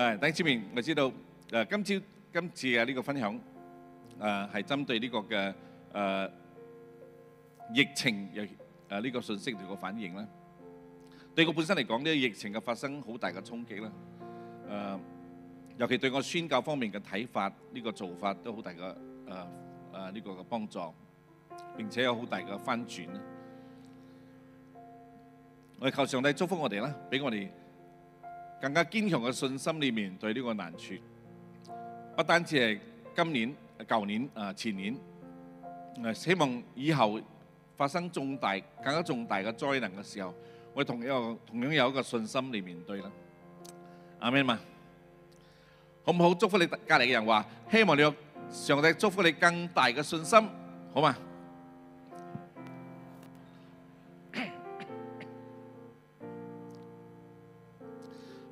誒，第一方面我知道誒，今朝今次嘅呢個分享誒，係針對呢個嘅誒疫情誒誒呢個信息個反應咧。對我本身嚟講，呢個疫情嘅發生好大嘅衝擊啦。誒，尤其對我宣教方面嘅睇法，呢個做法都好大嘅誒誒呢個嘅幫助，並且有好大嘅翻轉。我哋求上帝祝福我哋啦，俾我哋，更加堅強嘅信心嚟面對呢個難處，不單止係今年、舊年、啊前年，誒希望以後發生重大更加重大嘅災難嘅時候，我同一個同樣有一個信心嚟面對啦。阿媽咪嘛，好唔好？祝福你隔離嘅人話，希望你有上帝祝福你更大嘅信心，好嘛？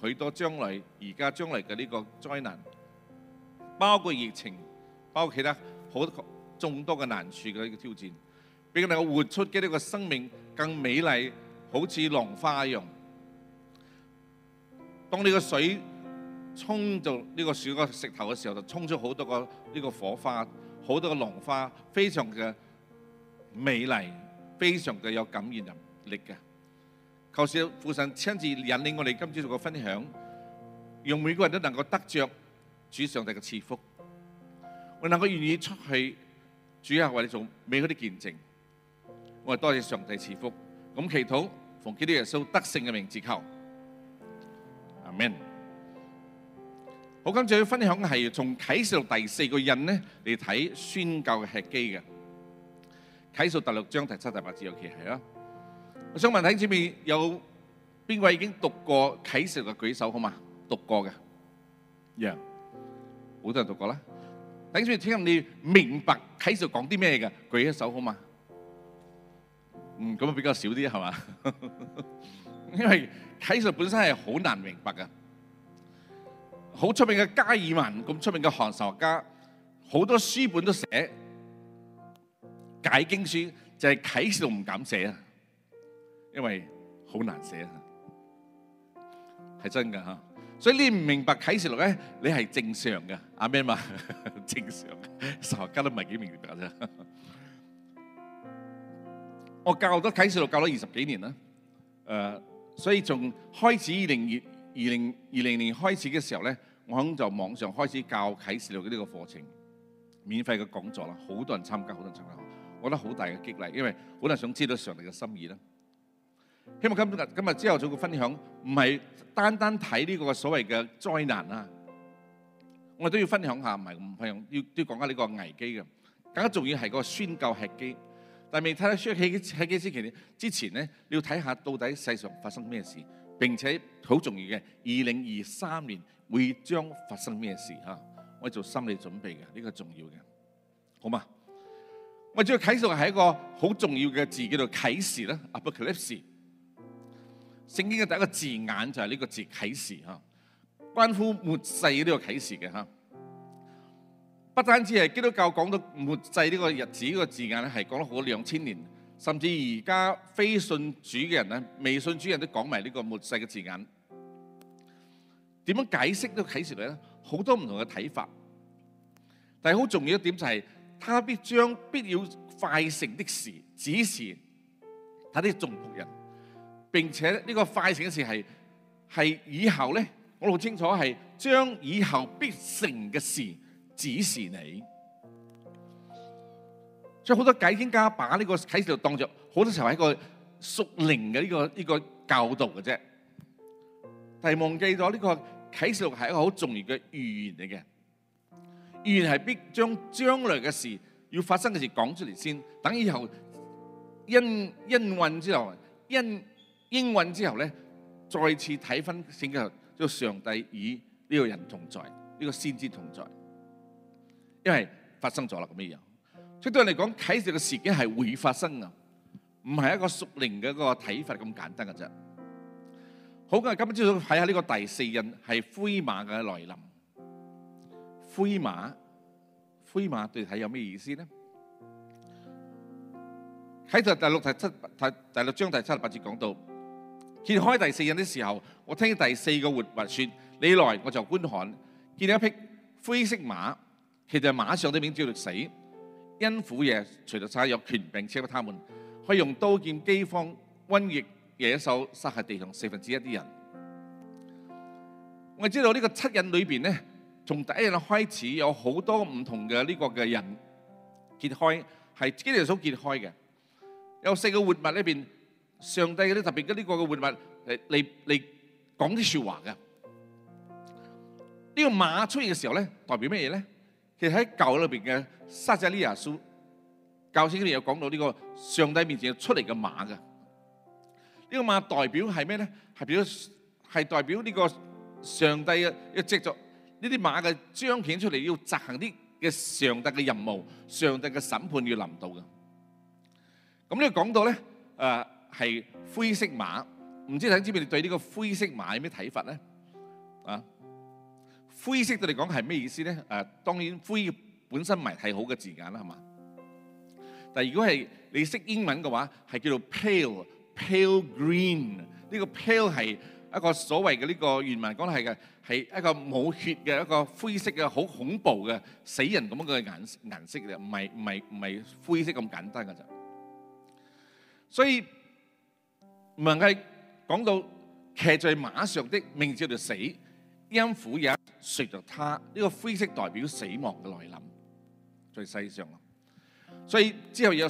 許多將來而家將來嘅呢個災難，包括疫情，包括其他好多眾多嘅難處嘅呢個挑戰，俾我哋活出嘅呢個生命更美麗，好似浪花一樣。當呢個水衝到呢個水個石頭嘅時候，就衝出好多個呢個火花，好多個浪花，非常嘅美麗，非常嘅有感染力嘅。求主父神親自引領我哋今朝嘅分享，讓每個人都能夠得着主上帝嘅賜福。我能夠願意出去，主啊，為你做美好嘅見證。我哋多謝上帝賜福，咁祈禱，奉基督耶穌得勝嘅名字求，阿門。好，今朝嘅分享係從啟示錄第四個印呢嚟睇宣教嘅吃雞嘅，啟示錄第六章第七第八節尤其係啊。我想問喺前面有邊位已經讀過啟示嘅舉手好嘛？讀過嘅，Yeah，好多人讀過啦。頂住聽你明白啟示講啲咩嘅，舉一手好嘛？嗯，咁啊比較少啲係嘛？因為啟示本身係好難明白嘅，好出名嘅加爾文咁出名嘅韓神學家，好多書本都寫解經書，就係啟示唔敢寫啊。因為好難寫，係真噶吓，所以你唔明白啟示錄咧，你係正常噶。阿咩嘛，正常，十學家都唔係幾明白啫。我教咗啟示錄教咗二十幾年啦，誒，所以從開始二零二二零二零年開始嘅時候咧，我響就網上開始教啟示錄呢個課程，免費嘅講座啦，好多人參加，好多人參加，我覺得好大嘅激勵，因為好多人想知道上帝嘅心意啦。希望今日今日朝頭早嘅分享唔係單單睇呢個所謂嘅災難啊。我哋都要分享下，唔係唔分享，要都要講下呢個危機嘅。更加重要係個宣教契機。但係未睇到宣教契機之前呢之要睇下到底世上發生咩事，並且好重要嘅，二零二三年會將發生咩事吓？我做心理準備嘅，呢、這個重要嘅，好嘛？我要啟訴係一個好重要嘅字叫做啟示啦，Apocalypse。聖經嘅第一個字眼就係呢個字啟示啊，關乎末世呢個啟示嘅哈，不單止係基督教講到末世呢個日子呢、呢個字眼咧，係講得好兩千年，甚至而家非信主嘅人咧，未信主嘅人都講埋呢個末世嘅字眼。點樣解釋呢個啟示咧？好多唔同嘅睇法，但係好重要的一點就係、是，他必將必要快成的事指示他的眾僕人。並且呢個快成嘅事係係以後咧，我好清楚係將以後必成嘅事指示你。所以好多解經家把呢個啟示錄當作好多時候係一個屬靈嘅呢個呢、這個教導嘅啫，但係忘記咗呢個啟示錄係一個好重要嘅預言嚟嘅。預言係必將將來嘅事要發生嘅事講出嚟先，等以後因因運之後因。因因因英文之後咧，再次睇翻聖經，就上帝與呢個人同在，呢個先知同在，因為發生咗啦咁嘅樣。即對我嚟講，啟示嘅事件係會發生噶，唔係一個屬靈嘅個睇法咁簡單嘅啫。好嘅，今日朝早睇下呢個第四印係灰馬嘅來臨。灰馬，灰馬對睇有咩意思咧？喺第六、第七、第六章第七、八節講到。揭開第四印嘅時候，我聽第四個活物說：你來我就觀看，見到一匹灰色馬，其實馬上都的名叫做死。陰府也隨著有權柄賜給他們，可以用刀劍飢荒瘟疫野獸殺喺地上四分之一啲人。我知道呢個七印裏邊呢，從第一印開始有好多唔同嘅呢個嘅人揭開，係基督徒揭開嘅。有四個活物裏邊。上帝嗰啲特別嘅呢個嘅活物嚟嚟嚟講啲説話嘅，呢個馬出現嘅時候咧，代表咩嘢咧？其實喺舊裏邊嘅撒迦利亞書，教書裏有講到呢個上帝面前出嚟嘅馬嘅，呢個馬代表係咩咧？係表係代表呢個上帝嘅藉著呢啲馬嘅彰顯出嚟，要執行啲嘅上帝嘅任務，上帝嘅審判要臨到嘅。咁呢個講到咧，誒。係灰色馬，唔知你知唔知你對呢個灰色馬有咩睇法咧？啊，灰色對你講係咩意思咧？誒，當然灰本身唔係太好嘅字眼啦，係嘛。但係如果係你識英文嘅話，係叫做 pale pale green。呢個 pale 係一個所謂嘅呢個原文講係嘅，係一個冇血嘅一個灰色嘅好恐怖嘅死人咁樣嘅顏顏色嘅，唔係唔係唔係灰色咁簡單嘅啫。所以。文係講到騎在馬上的，名字就死。陰虎也說咗，他呢個灰色代表死亡嘅來臨，在世上啦。所以之後有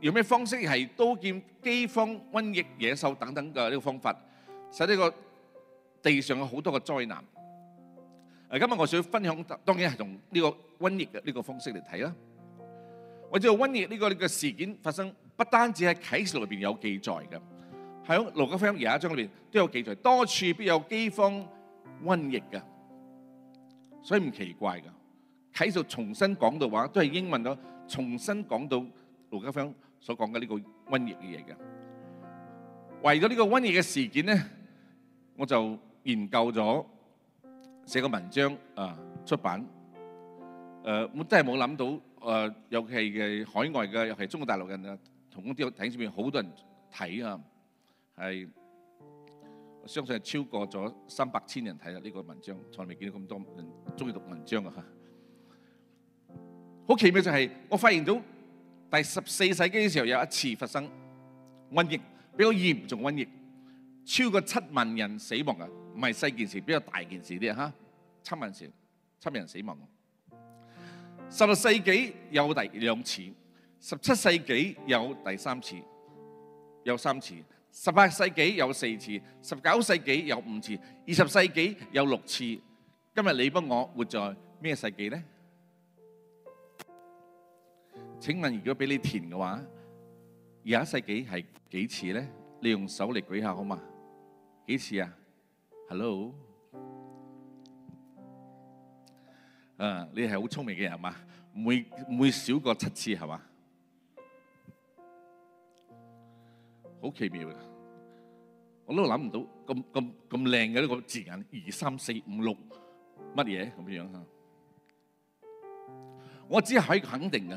有咩方式係刀劍、饑荒、瘟疫、野獸等等嘅呢個方法，使呢個地上有好多嘅災難。誒，今日我想分享，當然係從呢個瘟疫嘅呢個方式嚟睇啦。我知道瘟疫呢個呢個事件發生，不單止喺啟示錄入邊有記載嘅。喺咯，路加福音而家張裏面都有記載，多處必有饑荒瘟疫嘅，所以唔奇怪嘅。啟秀重新講到話，都係英文咯，重新講到路加福音所講嘅呢個瘟疫嘅嘢嘅。為咗呢個瘟疫嘅事件咧，我就研究咗寫個文章啊，出版。誒，我真係冇諗到誒，尤其嘅海外嘅，尤其係中國大陸人啊，同工啲台上面好多人睇啊！係，我相信係超過咗三百千人睇啦呢個文章，從未見到咁多人中意讀文章啊！好奇妙就係，我發現到第十四世紀嘅時候有一次發生瘟疫，比較嚴重瘟疫，超過七萬人死亡啊！唔係細件事，比較大件事啲啊！嚇，七萬兆七萬人死亡。十六世紀有第兩次，十七世紀有第三次，有三次。十八世紀有四次，十九世紀有五次，二十世紀有六次。今日你幫我活在咩世紀呢？請問如果俾你填嘅話，廿一世紀係幾次呢？你用手嚟舉下好嘛？幾次啊？Hello，啊，你係好聰明嘅人嘛？唔會唔會少過七次係嘛？好奇妙。我都諗唔到咁咁咁靚嘅呢個字眼，二三四五六乜嘢咁樣啊？我只可以肯定嘅，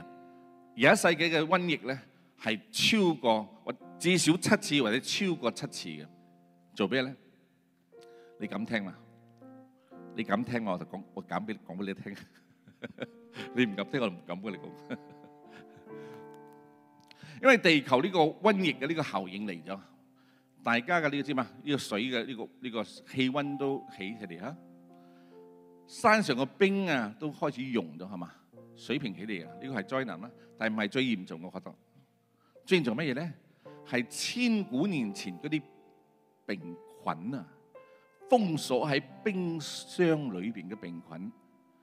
而家世界嘅瘟疫咧係超過，至少七次或者超過七次嘅。做咩咧？你敢聽嘛？你敢聽我就講，我講俾你聽。你唔敢聽我唔敢俾你講。因為地球呢個瘟疫嘅呢個效應嚟咗。大家嘅呢個知嘛？呢個水嘅呢個呢個氣温都起起嚟嚇，山上嘅冰啊都開始溶咗，係嘛？水平起嚟啊，呢個係災難啦。但係唔係最嚴重嘅，覺得最嚴重咩嘢咧？係千古年前嗰啲病菌啊，封鎖喺冰箱裏邊嘅病菌，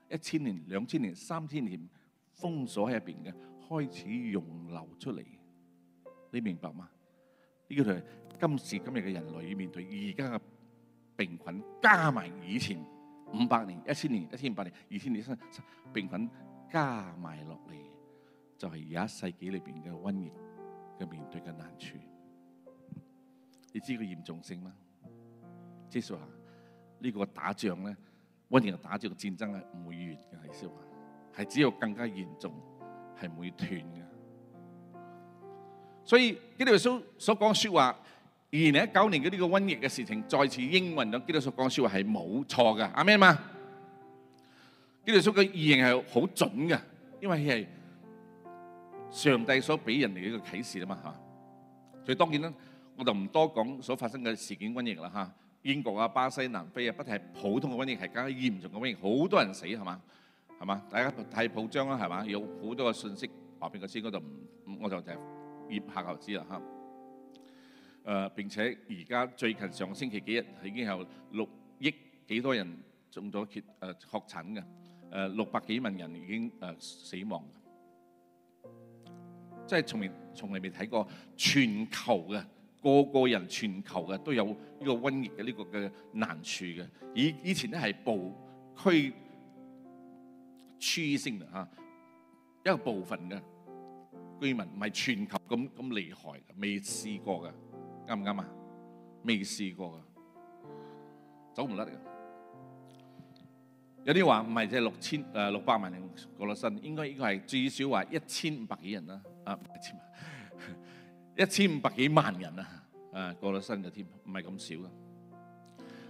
一千年、兩千年、三千年封鎖喺入邊嘅，開始溶流出嚟。你明白嗎？呢個就係。今時今日嘅人類要面對而家嘅病菌，加埋以前五百年、一千年、一千五百年，年、二千年生病菌，加埋落嚟，就係而家世紀裏邊嘅瘟疫嘅面對嘅難處。你知佢嚴重性咩？即係話呢個打仗咧，瘟疫嘅打仗、戰爭係唔會完嘅，係咪？係只有更加嚴重，係唔會斷嘅。所以基督耶穌所講說話。二零一九年嗰啲個瘟疫嘅事情再次應驗咗，基督所講嘅説話係冇錯嘅，阿們嘛，基督所嘅預言係好準嘅，因為佢係上帝所俾人哋嘅一個啟示啊嘛嚇。所以當然啦，我就唔多講所發生嘅事件瘟疫啦嚇，英國啊、巴西、南非啊，不但係普通嘅瘟疫，係更加嚴重嘅瘟疫，好多人死係嘛係嘛，大家睇報章啦係嘛，有好多嘅信息話俾佢知，我就唔我就就葉下頭知啦嚇。誒、呃、並且而家最近上個星期幾日已經有六億幾多人中咗結誒確診嘅，誒、呃呃、六百幾萬人已經誒、呃、死亡，即係從嚟從嚟未睇過全球嘅個個人全球嘅都有呢個瘟疫嘅呢、這個嘅難處嘅，以以前咧係部區區性吓一個部分嘅居民，唔係全球咁咁厲害嘅，未試過嘅。啱唔啱啊？未試過噶，走唔甩噶。有啲話唔係即係六千誒六百萬人過咗身，應該應該係最少話一千五百幾人啦。啊，一千萬，一千五百幾萬人啊，誒過咗身就添，唔係咁少噶。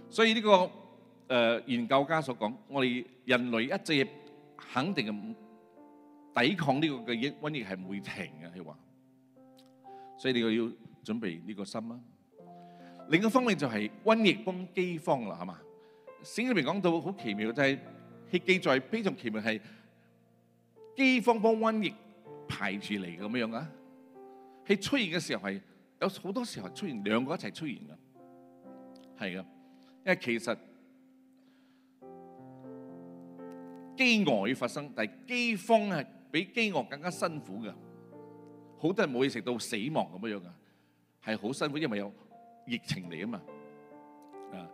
所以呢個誒研究家所講，我哋人類一直肯定係抵抗呢個嘅瘟疫係唔會停嘅，佢話。所以你又要。準備呢個心啦。另一方面就係瘟疫幫飢荒啦，係嘛？聖經裏邊講到好奇妙，就係佢記載非常奇妙係飢荒幫瘟疫排住嚟嘅咁樣啊。佢出現嘅時候係有好多時候出現兩個一齊出現噶，係噶，因為其實飢餓要發生，但係飢荒係比飢餓更加辛苦噶，好多人都冇嘢食到死亡咁樣樣噶。係好辛苦，因為有疫情嚟啊嘛，啊！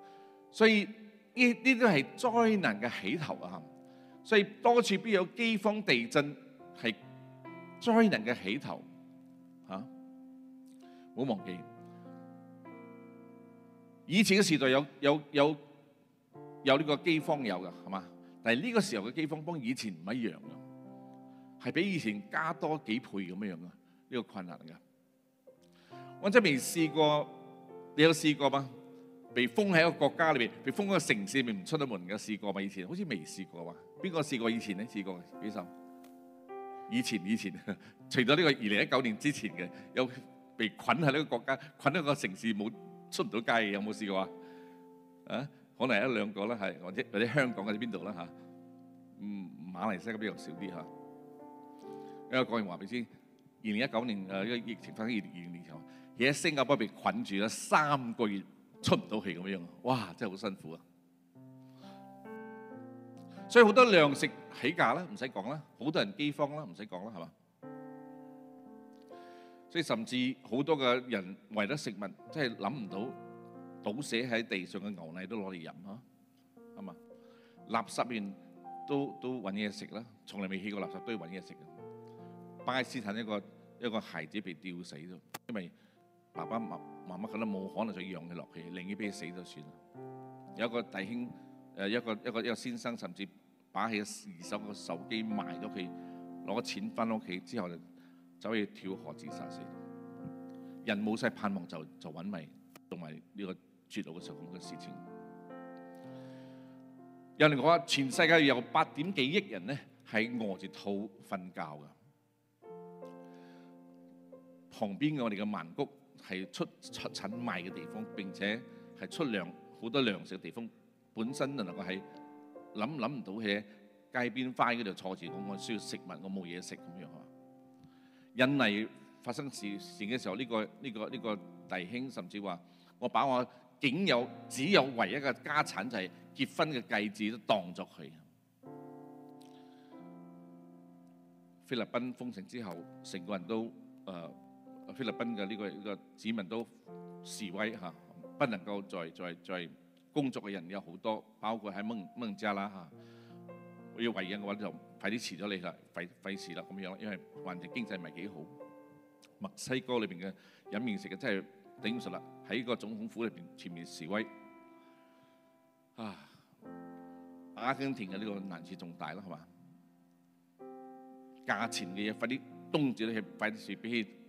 所以呢呢都係災難嘅起頭啊，所以多次必有饑荒、地震係災難嘅起頭嚇。唔好忘記，以前嘅時代有有有有呢個饑荒有嘅，係嘛？但係呢個時候嘅饑荒幫以前唔一樣啊，係比以前加多幾倍咁樣樣啊，呢個困難嘅。我真未試過，你有試過嗎？被封喺一個國家裏邊，被封喺個城市裏邊唔出得門嘅，試過嗎？以前好似未試過哇！邊個試過以前咧？試過幾時？以前以前，除咗呢個二零一九年之前嘅，有被困喺呢個國家、困喺個城市冇出唔到街嘅，有冇試過啊？啊，可能一兩個啦，係或者或者香港或者邊度啦嚇。嗯，馬來西亞比較少啲嚇。咁啊，講完話先。二零一九年誒呢個疫情發生二零二零年時候。而喺新加坡被困住咗三個月出唔到氣咁樣，哇！真係好辛苦啊！所以好多糧食起價啦，唔使講啦，好多人饑荒啦，唔使講啦，係嘛？所以甚至好多嘅人為咗食物，真係諗唔到倒瀉喺地上嘅牛奶都攞嚟飲啊！咁啊，垃圾邊都都揾嘢食啦，從嚟未去過垃圾堆揾嘢食嘅。巴基斯坦一個一個孩子被吊死咗，因為，爸爸、媽媽覺得冇可能再養佢落去，寧願俾佢死都算啦。有一個弟兄，誒一個一個一個先生，甚至把起二手個手機賣咗佢，攞錢翻屋企之後就走去跳河自殺死。人冇晒盼望就就揾迷同埋呢個絕路嘅時候咁嘅事情。有人話全世界有八點幾億人咧係餓住肚瞓覺嘅，旁邊嘅我哋嘅曼谷。係出出產賣嘅地方，並且係出糧好多糧食嘅地方，本身就能夠係諗諗唔到喺街邊花嗰度坐住，我我需要食物，我冇嘢食咁樣呵。印尼發生事事件嘅時候，呢個呢個呢個弟兄甚至話：我把我僅有只有唯一嘅家產就係結婚嘅戒指都當咗佢。菲律賓封城之後，成個人都誒。菲律賓嘅呢個呢、這個子民都示威嚇，啊，不能夠再再再工作嘅人有好多，包括喺孟孟加拉我要圍人嘅話就快啲辭咗你啦，費，啊、費事啦咁樣，因為環境經濟唔係幾好。墨西哥裏邊嘅飲面飲食嘅真係頂實啦，喺個總統府裏邊前面示威。啊，阿根廷嘅呢個難處仲大啦，係嘛？價錢嘅嘢快啲凍住佢，快啲俾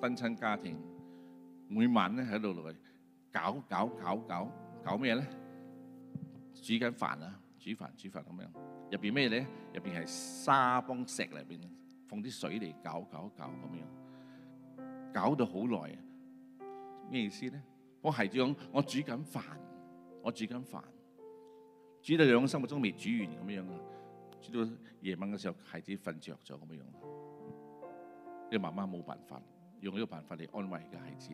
單親家庭每晚咧喺度嚟搞搞搞搞搞咩咧？煮緊飯啊，煮飯煮飯咁樣。入邊咩咧？入邊係沙幫石入邊，放啲水嚟搞搞搞咁樣，搞到好耐啊！咩意思咧？我孩子講：我煮緊飯，我煮緊飯，煮到兩三個鐘未煮完咁樣啊！煮到夜晚嘅時候，孩子瞓著咗咁樣，啲媽媽冇辦法。用呢個辦法嚟安慰嘅孩子，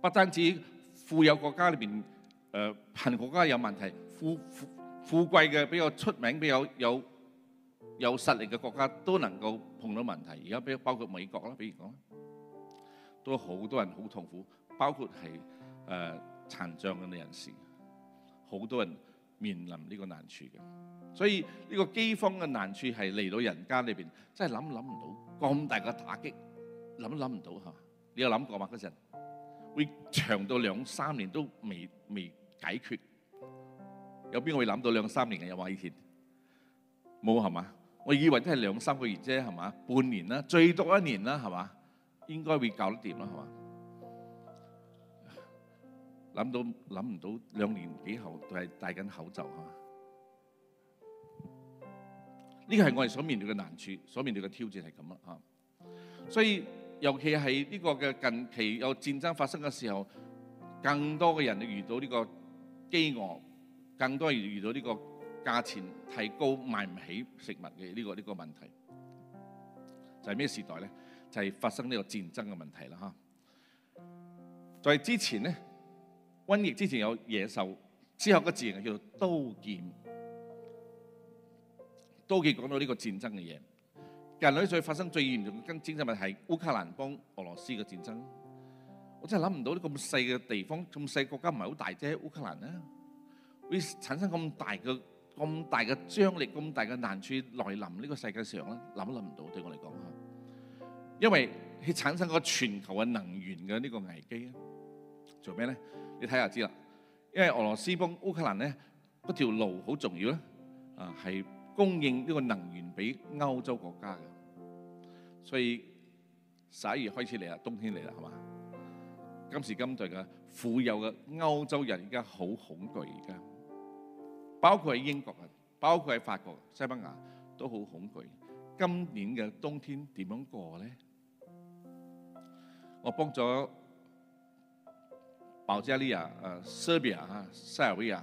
不單止富有國家裏邊，誒、呃、貧國家有問題，富富富貴嘅比較出名、比較有有，有實力嘅國家都能夠碰到問題。而家比較包括美國啦，比如講，都好多人好痛苦，包括係誒殘障嘅人士，好多人面臨呢個難處嘅。所以呢個饑荒嘅難處係嚟到人間裏邊，真係諗諗唔到咁大嘅打擊。諗都諗唔到嚇，你有諗過嘛？嗰陣會長到兩三年都未未解決有，有邊個會諗到兩三年嘅？有冇話以前冇嚇嘛？我以為都係兩三個月啫嚇嘛，半年啦，最多一年啦嚇嘛，應該會搞得掂啦嚇嘛。諗到諗唔到兩年幾後都係戴緊口罩嚇。呢個係我哋所面對嘅難處，所面對嘅挑戰係咁啦嚇，所以。尤其係呢個嘅近期有戰爭發生嘅時候，更多嘅人遇到呢個飢餓，更多人遇到呢個價錢提高買唔起食物嘅呢、這個呢、這個問題，就係、是、咩時代咧？就係、是、發生呢個戰爭嘅問題啦！嚇，在之前咧，瘟疫之前有野獸，之後個字形叫做刀劍，刀劍講到呢個戰爭嘅嘢。近嚟再發生最嚴重嘅經濟問題係烏克蘭幫俄羅斯嘅戰爭，我真係諗唔到呢，咁細嘅地方，咁細國家唔係好大啫，烏克蘭咧會產生咁大嘅咁大嘅張力、咁大嘅難處來臨呢個世界上咧，諗都諗唔到對我嚟講，因為佢產生個全球嘅能源嘅呢個危機咧，做咩咧？你睇下知啦，因為俄羅斯幫烏克蘭咧嗰條路好重要啦，啊係。供應呢個能源俾歐洲國家嘅，所以十一月開始嚟啦，冬天嚟啦，係嘛？今時今代嘅富有嘅歐洲人而家好恐懼，而家包括喺英國啊，包括喺法國、西班牙都好恐懼。今年嘅冬天點樣過咧？我幫咗保加利亞、誒塞爾、爾維亞、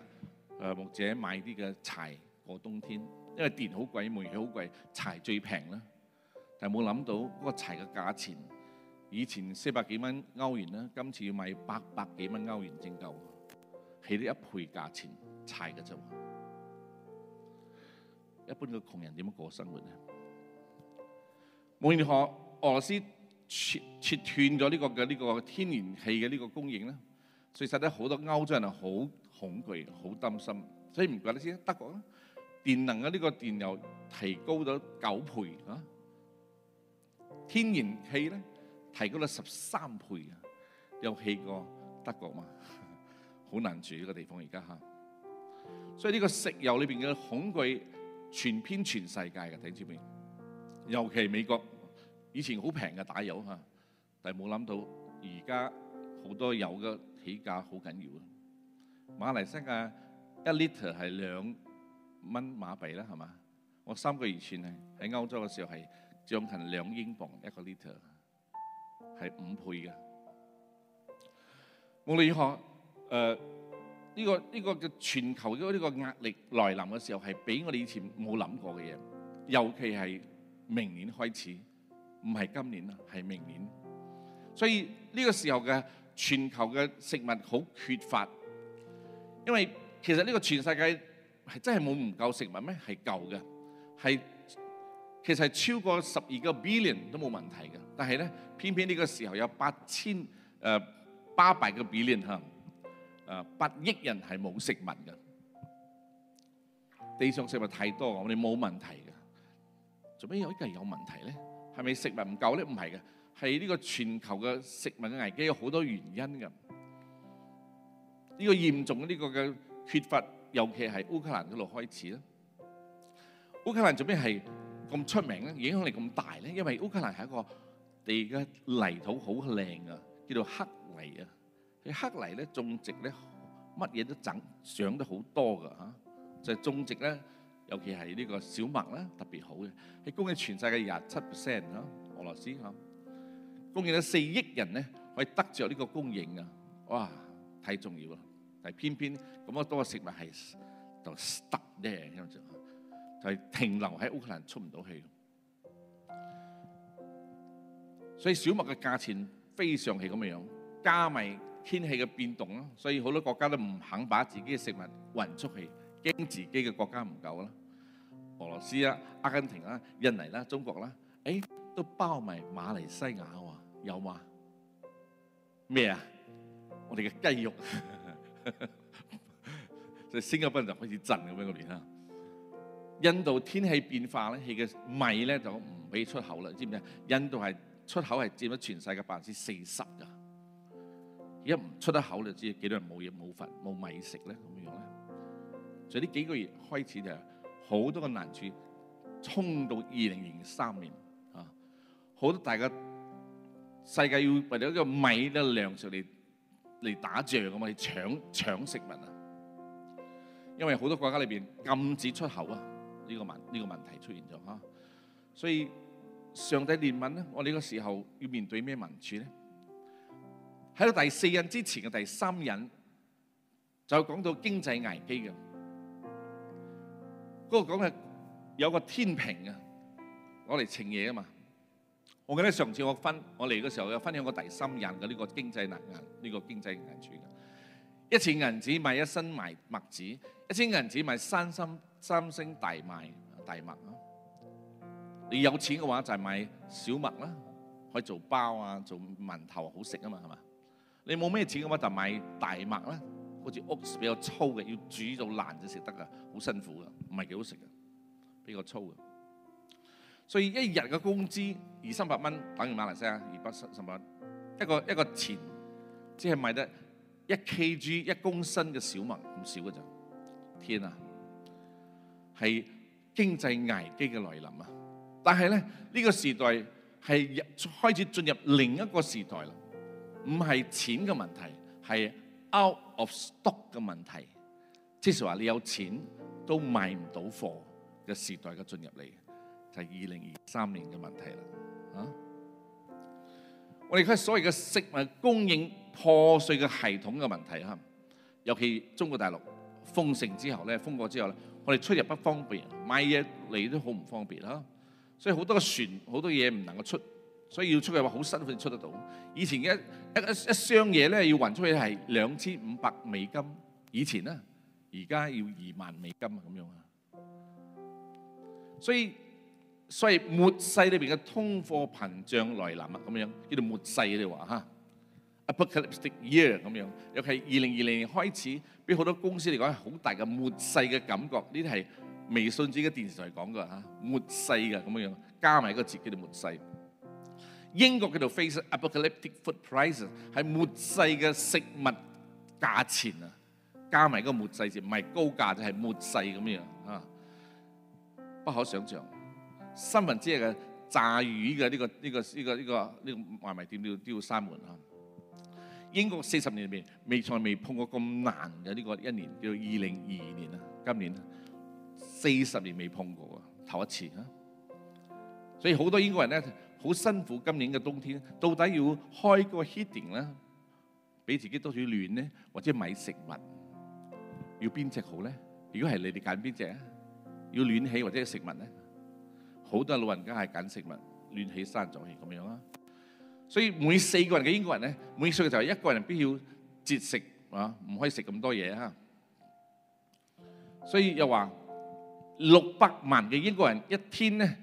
誒或者買啲嘅柴過冬天。因為電好貴，煤氣好貴，柴最平啦。但係冇諗到嗰個柴嘅價錢，以前四百幾蚊歐元啦，今次要賣八百幾蚊歐元先夠，起咗一倍價錢，柴嘅啫。一般嘅窮人點樣過生活咧？每年俄俄羅斯切切斷咗呢個嘅呢、呢個天然氣嘅呢個供應咧，所以實在好多歐洲人啊好恐懼，好擔心。所以唔怪得先德國啊。電能嘅呢個電油提高咗九倍啊，天然氣咧提高咗十三倍啊，有氣過德國嘛？好難住呢個地方而家吓，所以呢個石油裏邊嘅恐懼全篇全世界嘅睇住邊，尤其美國以前好平嘅打油吓，但係冇諗到而家好多油嘅起價好緊要啊！馬來西亞一 liter 係兩。蚊馬幣啦係嘛？我三個月前咧喺歐洲嘅時候係將近兩英鎊一個 liter，係五倍嘅。無論如何，誒、呃、呢、這個呢、這個嘅全球嘅呢個壓力來臨嘅時候係畀我哋以前冇諗過嘅嘢，尤其係明年開始，唔係今年啦，係明年。所以呢個時候嘅全球嘅食物好缺乏，因為其實呢個全世界。係真係冇唔夠食物咩？係夠嘅，係其實係超過十二個 billion 都冇問題嘅。但係咧，偏偏呢個時候有八千誒八百個 billion 吓，誒、呃、八億人係冇食物嘅。地上食物太多，我哋冇問題嘅。做咩有一個係有問題咧？係咪食物唔夠咧？唔係嘅，係呢個全球嘅食物嘅危機有好多原因嘅。呢、呢個嚴重呢個嘅缺乏。尤其係烏克蘭嗰度開始啦。烏克蘭做咩係咁出名咧？影響力咁大咧？因為烏克蘭係一個地嘅泥土好靚啊，叫做黑泥啊。喺黑泥咧種植咧，乜嘢都整上得好多嘅嚇。就係種植咧，尤其係呢個小麥咧，特別好嘅。係供應全世界廿七 percent 嚇，俄羅斯嚇，供應咗四億人咧可以得著呢個供應啊！哇，太重要啦～但偏偏咁多個食物係就 stop 咧，就係停留喺烏克蘭出唔到氣，所以小麥嘅價錢非常係咁嘅樣，加埋天氣嘅變動啦，所以好多國家都唔肯把自己嘅食物運出去，驚自己嘅國家唔夠啦。俄羅斯啦、阿根廷啦、印尼啦、中國啦，誒都包埋馬來西亞喎，有話咩啊？我哋嘅雞肉。 就升一分就開始震咁樣嗰邊啦。印度天氣變化咧，佢嘅米咧就唔俾出口啦。知唔知？印度係出口係佔咗全世界百分之四十噶。一唔出得口，就知幾多人冇嘢冇份，冇米食咧，咁樣樣咧。所以呢幾個月開始就好多個難處，衝到二零零三年啊，好多大家世界要為咗個米都量上食。嚟打仗咁啊，我哋搶搶食物啊！因為好多國家裏邊禁止出口啊，呢個問呢個問題出現咗嚇，所以上帝憐憫咧，我呢個時候要面對咩民主咧？喺到第四印之前嘅第三印就講到經濟危機嘅，嗰個講嘅有個天平啊，攞嚟稱嘢啊嘛～我記得上次我分我嚟嘅時候有分享過第三印嘅呢個經濟難銀呢、呢個經濟銀錢嘅，一錢銀紙買一身麥麥子，一千銀紙買三星三三升大麥大麥咯。你有錢嘅話就係買小麥啦，可以做包啊，做饅頭好食啊嘛係嘛？你冇咩錢嘅話就買大麥啦，好似屋比較粗嘅要煮到爛就食得㗎，好辛苦㗎，唔係幾好食㗎，比較粗嘅。所以一日嘅工資二三百蚊，等於馬來西亞二百三十蚊。一個一個錢，即係賣得一 Kg 一公升嘅小麥咁少嘅啫。天啊，係經濟危機嘅來臨啊！但係咧，呢個時代係開始進入另一個時代啦。唔係錢嘅問題，係 out of stock 嘅問題。即係話你有錢都買唔到貨嘅時代嘅進入嚟。就係二零二三年嘅問題啦，啊！我哋嗰個所謂嘅食物供應破碎嘅系統嘅問題嚇，尤其中國大陸封城之後咧，封過之後咧，我哋出入不方便，買嘢嚟都好唔方便啊！所以好多嘅船，好多嘢唔能夠出，所以要出去嘅話，好辛苦先出得到。以前一一一箱嘢咧要運出去係兩千五百美金，以前咧而家要二萬美金啊咁樣啊，所以。所以末世裏邊嘅通貨膨脹來臨啊，咁樣叫做末世你話吓，Apocalyptic year 咁樣，尤其二零二零年開始，俾好多公司嚟講係好大嘅末世嘅感覺。呢啲係微信自己電視台講嘅吓，末世嘅咁樣樣，加埋個字叫做末世。英國佢度 face apocalyptic food prices，係末世嘅食物價錢啊，加埋個末世字，唔係高價，就係末世咁樣樣啊，不可想象。三分之一嘅炸魚嘅呢、這個呢、這個呢、這個呢、這個呢、這個外賣店都要閂門啊！英國四十年嚟未從未碰過咁難嘅呢、這個一年，叫二零二二年啊！今年四十年未碰過啊，頭一次啊！所以好多英國人咧好辛苦，今年嘅冬天到底要開個 heating 咧，俾自己多少暖呢？或者買食物，要邊隻好咧？如果係你哋揀邊隻啊？要暖氣或者食物咧？好多老人家係揀食物亂起山左起咁樣啊，所以每四個人嘅英國人咧，每歲就係一個人必要節食啊，唔可以食咁多嘢哈。所以又話六百萬嘅英國人一天咧，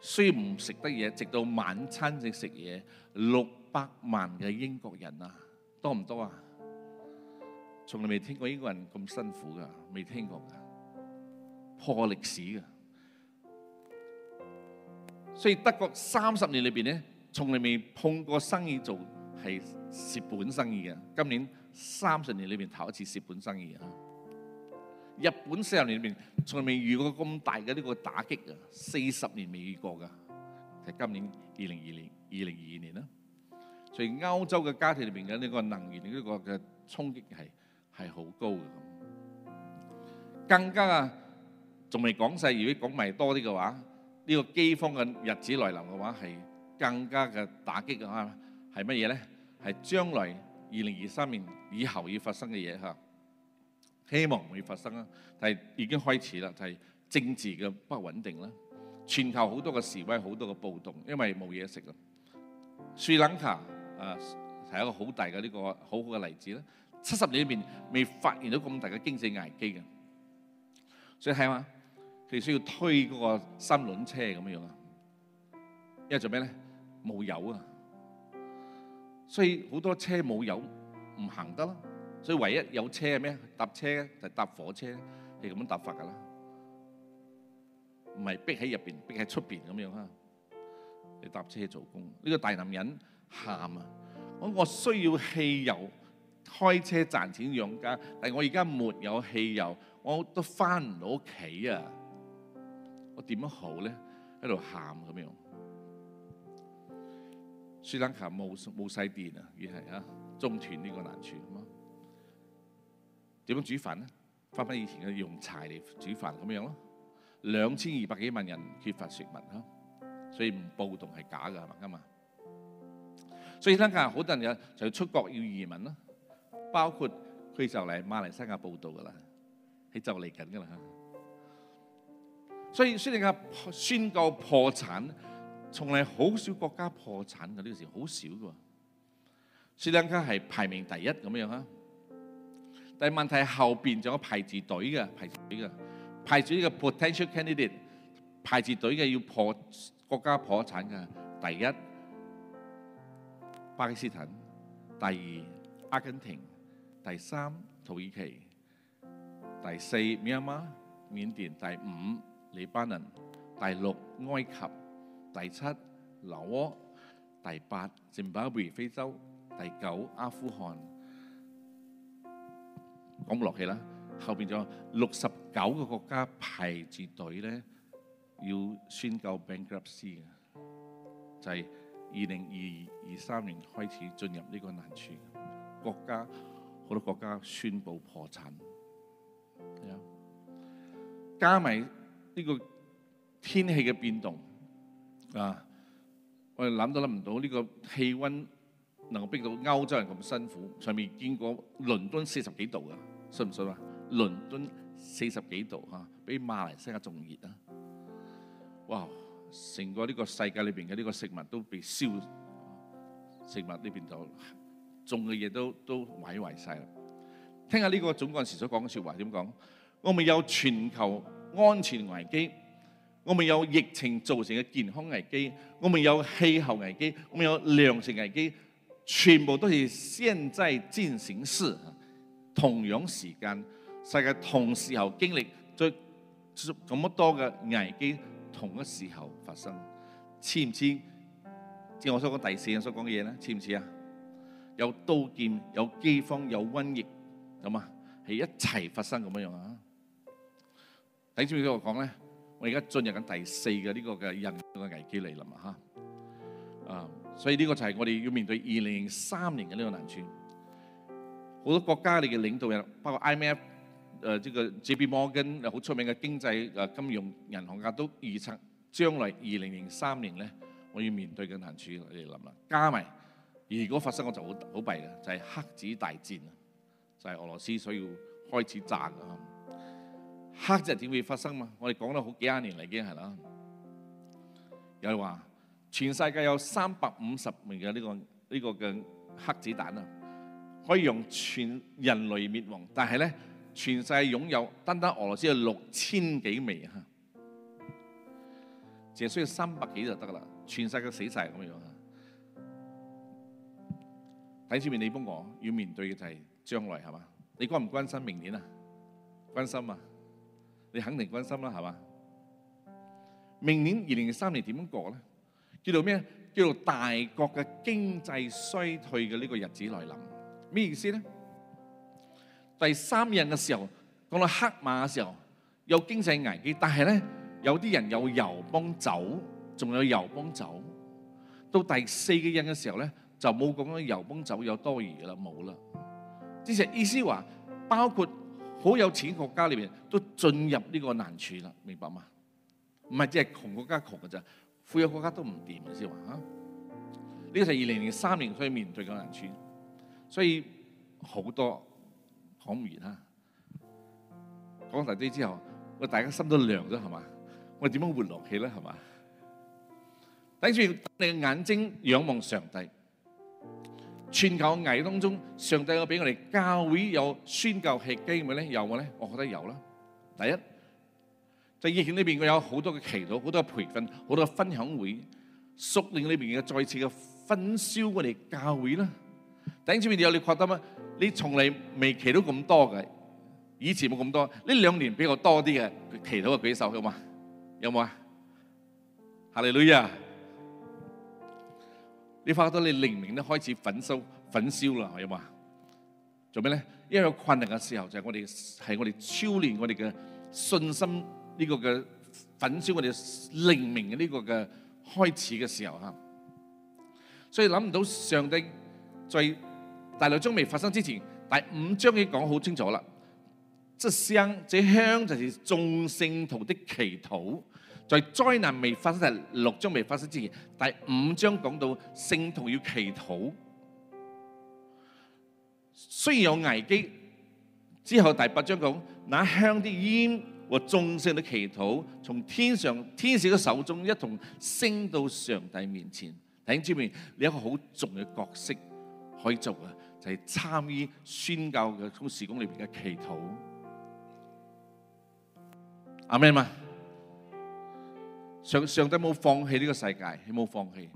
雖然唔食得嘢，直到晚餐先食嘢。六百萬嘅英國人啊，多唔多啊？從來未聽過英國人咁辛苦噶，未聽過嘅破歷史噶。所以德國三十年裏邊咧，從嚟未碰過生意做係蝕本生意嘅。今年三十年裏邊頭一次蝕本生意啊！日本四十年裏邊從嚟未遇過咁大嘅呢個打擊啊！四十年未遇過噶，係今年二零二年二零二二年啦。所以歐洲嘅家庭裏邊嘅呢個能源呢個嘅衝擊係係好高嘅。更加啊，仲未講晒，如果講埋多啲嘅話。呢、這個饑荒嘅日子來臨嘅話，係更加嘅打擊嘅話，係乜嘢咧？係將來二零二三年以後要發生嘅嘢嚇，希望唔會發生啊！但係已經開始啦，就係、是、政治嘅不穩定啦，全球好多嘅示威、好多嘅暴動，因為冇嘢食啦。斯里蘭卡啊，係、呃、一個大、這個、好大嘅呢個好好嘅例子啦。七十年裏面未發現到咁大嘅經濟危機嘅，所以係嘛？佢需要推嗰個三輪車咁樣啊，因為做咩咧？冇油啊，所以好多車冇油唔行得啦。所以唯一有車係咩？搭車就搭火車，係咁樣搭法噶啦。唔係逼喺入邊，逼喺出邊咁樣啊。你搭車做工，呢個大男人喊啊！我我需要汽油開車賺錢養家，但我而家沒有汽油，我都翻唔到屋企啊！我點樣好咧？喺度喊咁樣，斯里蘭卡冇冇曬電啊，而係啊中斷呢個難處咁咯。點樣煮飯咧？翻翻以前嘅用柴嚟煮飯咁樣咯。兩千二百幾萬人缺乏食物啊，所以唔暴動係假嘅係嘛啊嘛。所以斯里蘭卡好多人就要出國要移民啦，包括佢就嚟馬來西亞報道噶啦，佢就嚟緊噶啦嚇。所以，斯里蘭卡宣告破產，從嚟好少國家破產嘅呢、這個事，好少嘅。斯里蘭卡係排名第一咁樣啊，但係問題後邊仲有排字隊嘅排隊嘅排住呢個 potential candidate 排字隊嘅要破國家破產嘅第一巴基斯坦，第二阿根廷，第三土耳其，第四馬嗎緬甸，第五。黎巴嫩、第六埃及、第七老撾、第八津巴布韋非洲、第九阿富汗，講唔落去啦。後邊仲有六十九個國家排住隊咧，要宣告 bankruptcy 嘅，就係二零二二二三年開始進入呢個難處，國家好多國家宣布破產，加埋。呢個天氣嘅變動啊，我諗都諗唔到，呢個氣温能夠逼到歐洲人咁辛苦。上面見過倫敦四十幾度噶，信唔信啊？倫敦四十幾度吓，比馬來西亞仲熱啊！哇！成個呢個世界裏邊嘅呢個食物都被燒，食物呢邊就種嘅嘢都都毀壞晒啦。聽下呢個總幹事所講嘅説話點講？我咪有全球安全危機，我哋有疫情造成嘅健康危機，我哋有氣候危機，我們有糧食危機，全部都係現在進行式，同樣時間，世界同時候經歷咁咁多嘅危機，同一時候發生，似唔似？即係我想講第四人所講嘅嘢咧，似唔似啊？有刀劍，有饑荒，有瘟疫，咁啊，係一齊發生咁樣樣啊？睇先俾我講咧，我而家進入緊第四個呢個嘅人類嘅危機嚟臨啦嘛啊，所以呢個就係我哋要面對二零零三年嘅呢個難處。好多國家你嘅領導人，包括 IMF，誒、呃，呢、這個 JP Morgan，好出名嘅經濟誒、呃、金融銀行家都預測將來二零零三年咧，我要面對嘅難處嚟臨啦。加埋如果發生，我就好好弊嘅，就係、是、黑子大戰，就係、是、俄羅斯需要開始炸啊！黑質點會發生嘛？我哋講咗好幾廿年嚟已經係啦。又話全世界有三百五十枚嘅呢個呢、這個嘅黑子彈啊，可以用全人類滅亡。但係咧，全世界擁有單單俄羅斯有六千幾枚啊，淨係需要三百幾就得啦。全世界死晒咁樣啊！睇住面，你幫我，要面對嘅就係將來係嘛？你關唔關心明年啊？關心啊！你肯定關心啦，係嘛？明年二零二三年點樣過咧？叫做咩？叫做大國嘅經濟衰退嘅呢個日子來臨，咩意思咧？第三印嘅時候講到黑馬嘅時候有經濟危機，但係咧，有啲人有油幫酒，仲有油幫酒。到第四個印嘅時候咧，就冇講到油幫酒有多餘啦，冇啦。即係意思話包括。好有錢國家裏邊都進入呢個難處啦，明白嗎？唔係只係窮國家窮嘅咋。富有國家都唔掂嘅，知、啊、嘛？呢、這個就係二零零三年所以面對嘅難處，所以好多講唔完啦。講完呢啲、啊、之後，我大家心都涼咗係嘛？我哋點樣活落去咧係嘛？等住你嘅眼睛仰望上帝。全球危當中，上帝有俾我哋教會有宣教嘅機會咧？有冇咧？我覺得有啦。第一，就疫情裏邊，佢有好多嘅祈禱，好多嘅培訓，好多嘅分享會，屬靈裏邊嘅再次嘅分銷我哋教會啦。頂住邊有？你覺得嗎？你從嚟未祈到咁多嘅，以前冇咁多，呢兩年比較多啲嘅祈禱嘅舉手好嗎？有冇？有冇啊？哈利路亞！你發覺到你靈命都開始焚燒、焚燒啦，係嘛？做咩咧？因為有困難嘅時候就係、是、我哋係我哋操練我哋嘅信心呢個嘅焚燒我哋靈命嘅呢個嘅開始嘅時候，所以諗唔到上帝在第六章未發生之前，第五章已經講好清楚啦。即香，即香，就是眾聖徒的祈禱。在災難未發生、第六章未發生之前，第五章講到聖徒要祈禱。雖然有危機，之後第八章講那香、啲煙和眾聖的祈禱，從天上天使嘅手中一同升到上帝面前。睇住邊，你一個好重嘅角色可以做嘅，就係參與宣教嘅事工裏邊嘅祈禱。阿們嘛。上上帝冇放棄呢個世界，你冇放棄。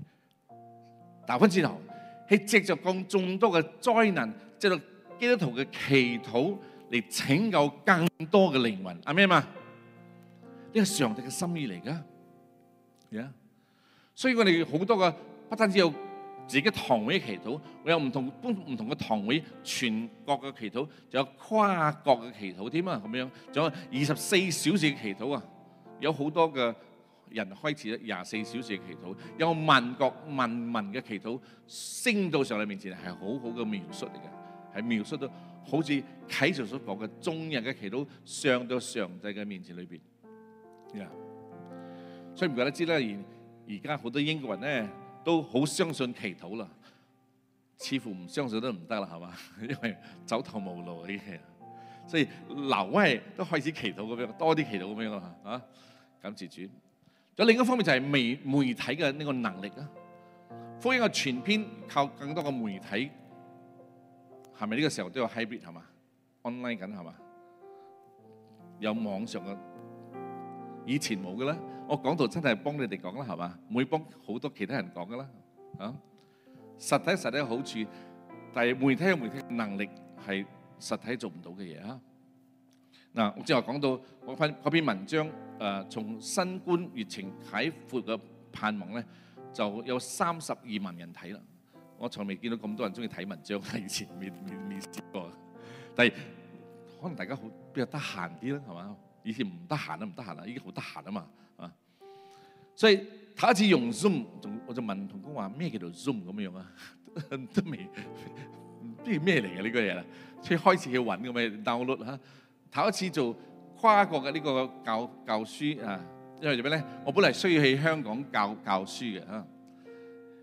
打翻轉頭，係藉著咁眾多嘅災難，藉著基督徒嘅祈禱嚟拯救更多嘅靈魂，係咩嘛？呢個上帝嘅心意嚟㗎，呀！所以我哋好多個，不單止有自己堂會祈禱，我有唔同唔同嘅堂會，全國嘅祈禱，仲有跨國嘅祈禱添啊！咁樣仲有二十四小時嘅祈禱啊！有好多嘅。人開始咧廿四小時嘅祈禱，有萬國萬民嘅祈禱升到上帝面前，係好好嘅描述嚟嘅，係描述到好似啟著所講嘅眾人嘅祈禱上到上帝嘅面前裏邊。呀、yeah.，所以唔怪得知啦。而而家好多英國人咧都好相信祈禱啦，似乎唔相信都唔得啦，係嘛？ 因為走投無路嘅，所以挪威都開始祈禱咁樣，多啲祈禱咁樣咯嚇咁自轉。啊。有另一方面就係媒媒體嘅呢個能力啊，福音嘅全篇靠更多嘅媒體，係咪呢個時候都有 hybrid 係嘛，online 緊係嘛，有網上嘅，以前冇嘅啦，我講到真係幫你哋講啦係嘛，唔會幫好多其他人講噶啦，啊，實體實體好處，但係媒體有媒體嘅能力係實體做唔到嘅嘢啊，嗱，正話我講到嗰篇嗰篇文章。誒，從新冠疫情開闊嘅盼望咧，就有三十二萬人睇啦。我從未見到咁多人中意睇文章，係以前未未未試過。但係可能大家好比較得閒啲啦，係嘛？以前唔得閒都唔得閒啦，依家好得閒啊嘛，啊！所以第一次用 Zoom，我就問同工話咩叫做 Zoom 咁樣啊？都未唔知咩嚟嘅呢個嘢，所以開始去揾咁樣 download 吓。頭一次做。跨國嘅呢個教教書啊，因為做咩咧？我本嚟需要去香港教教書嘅啊，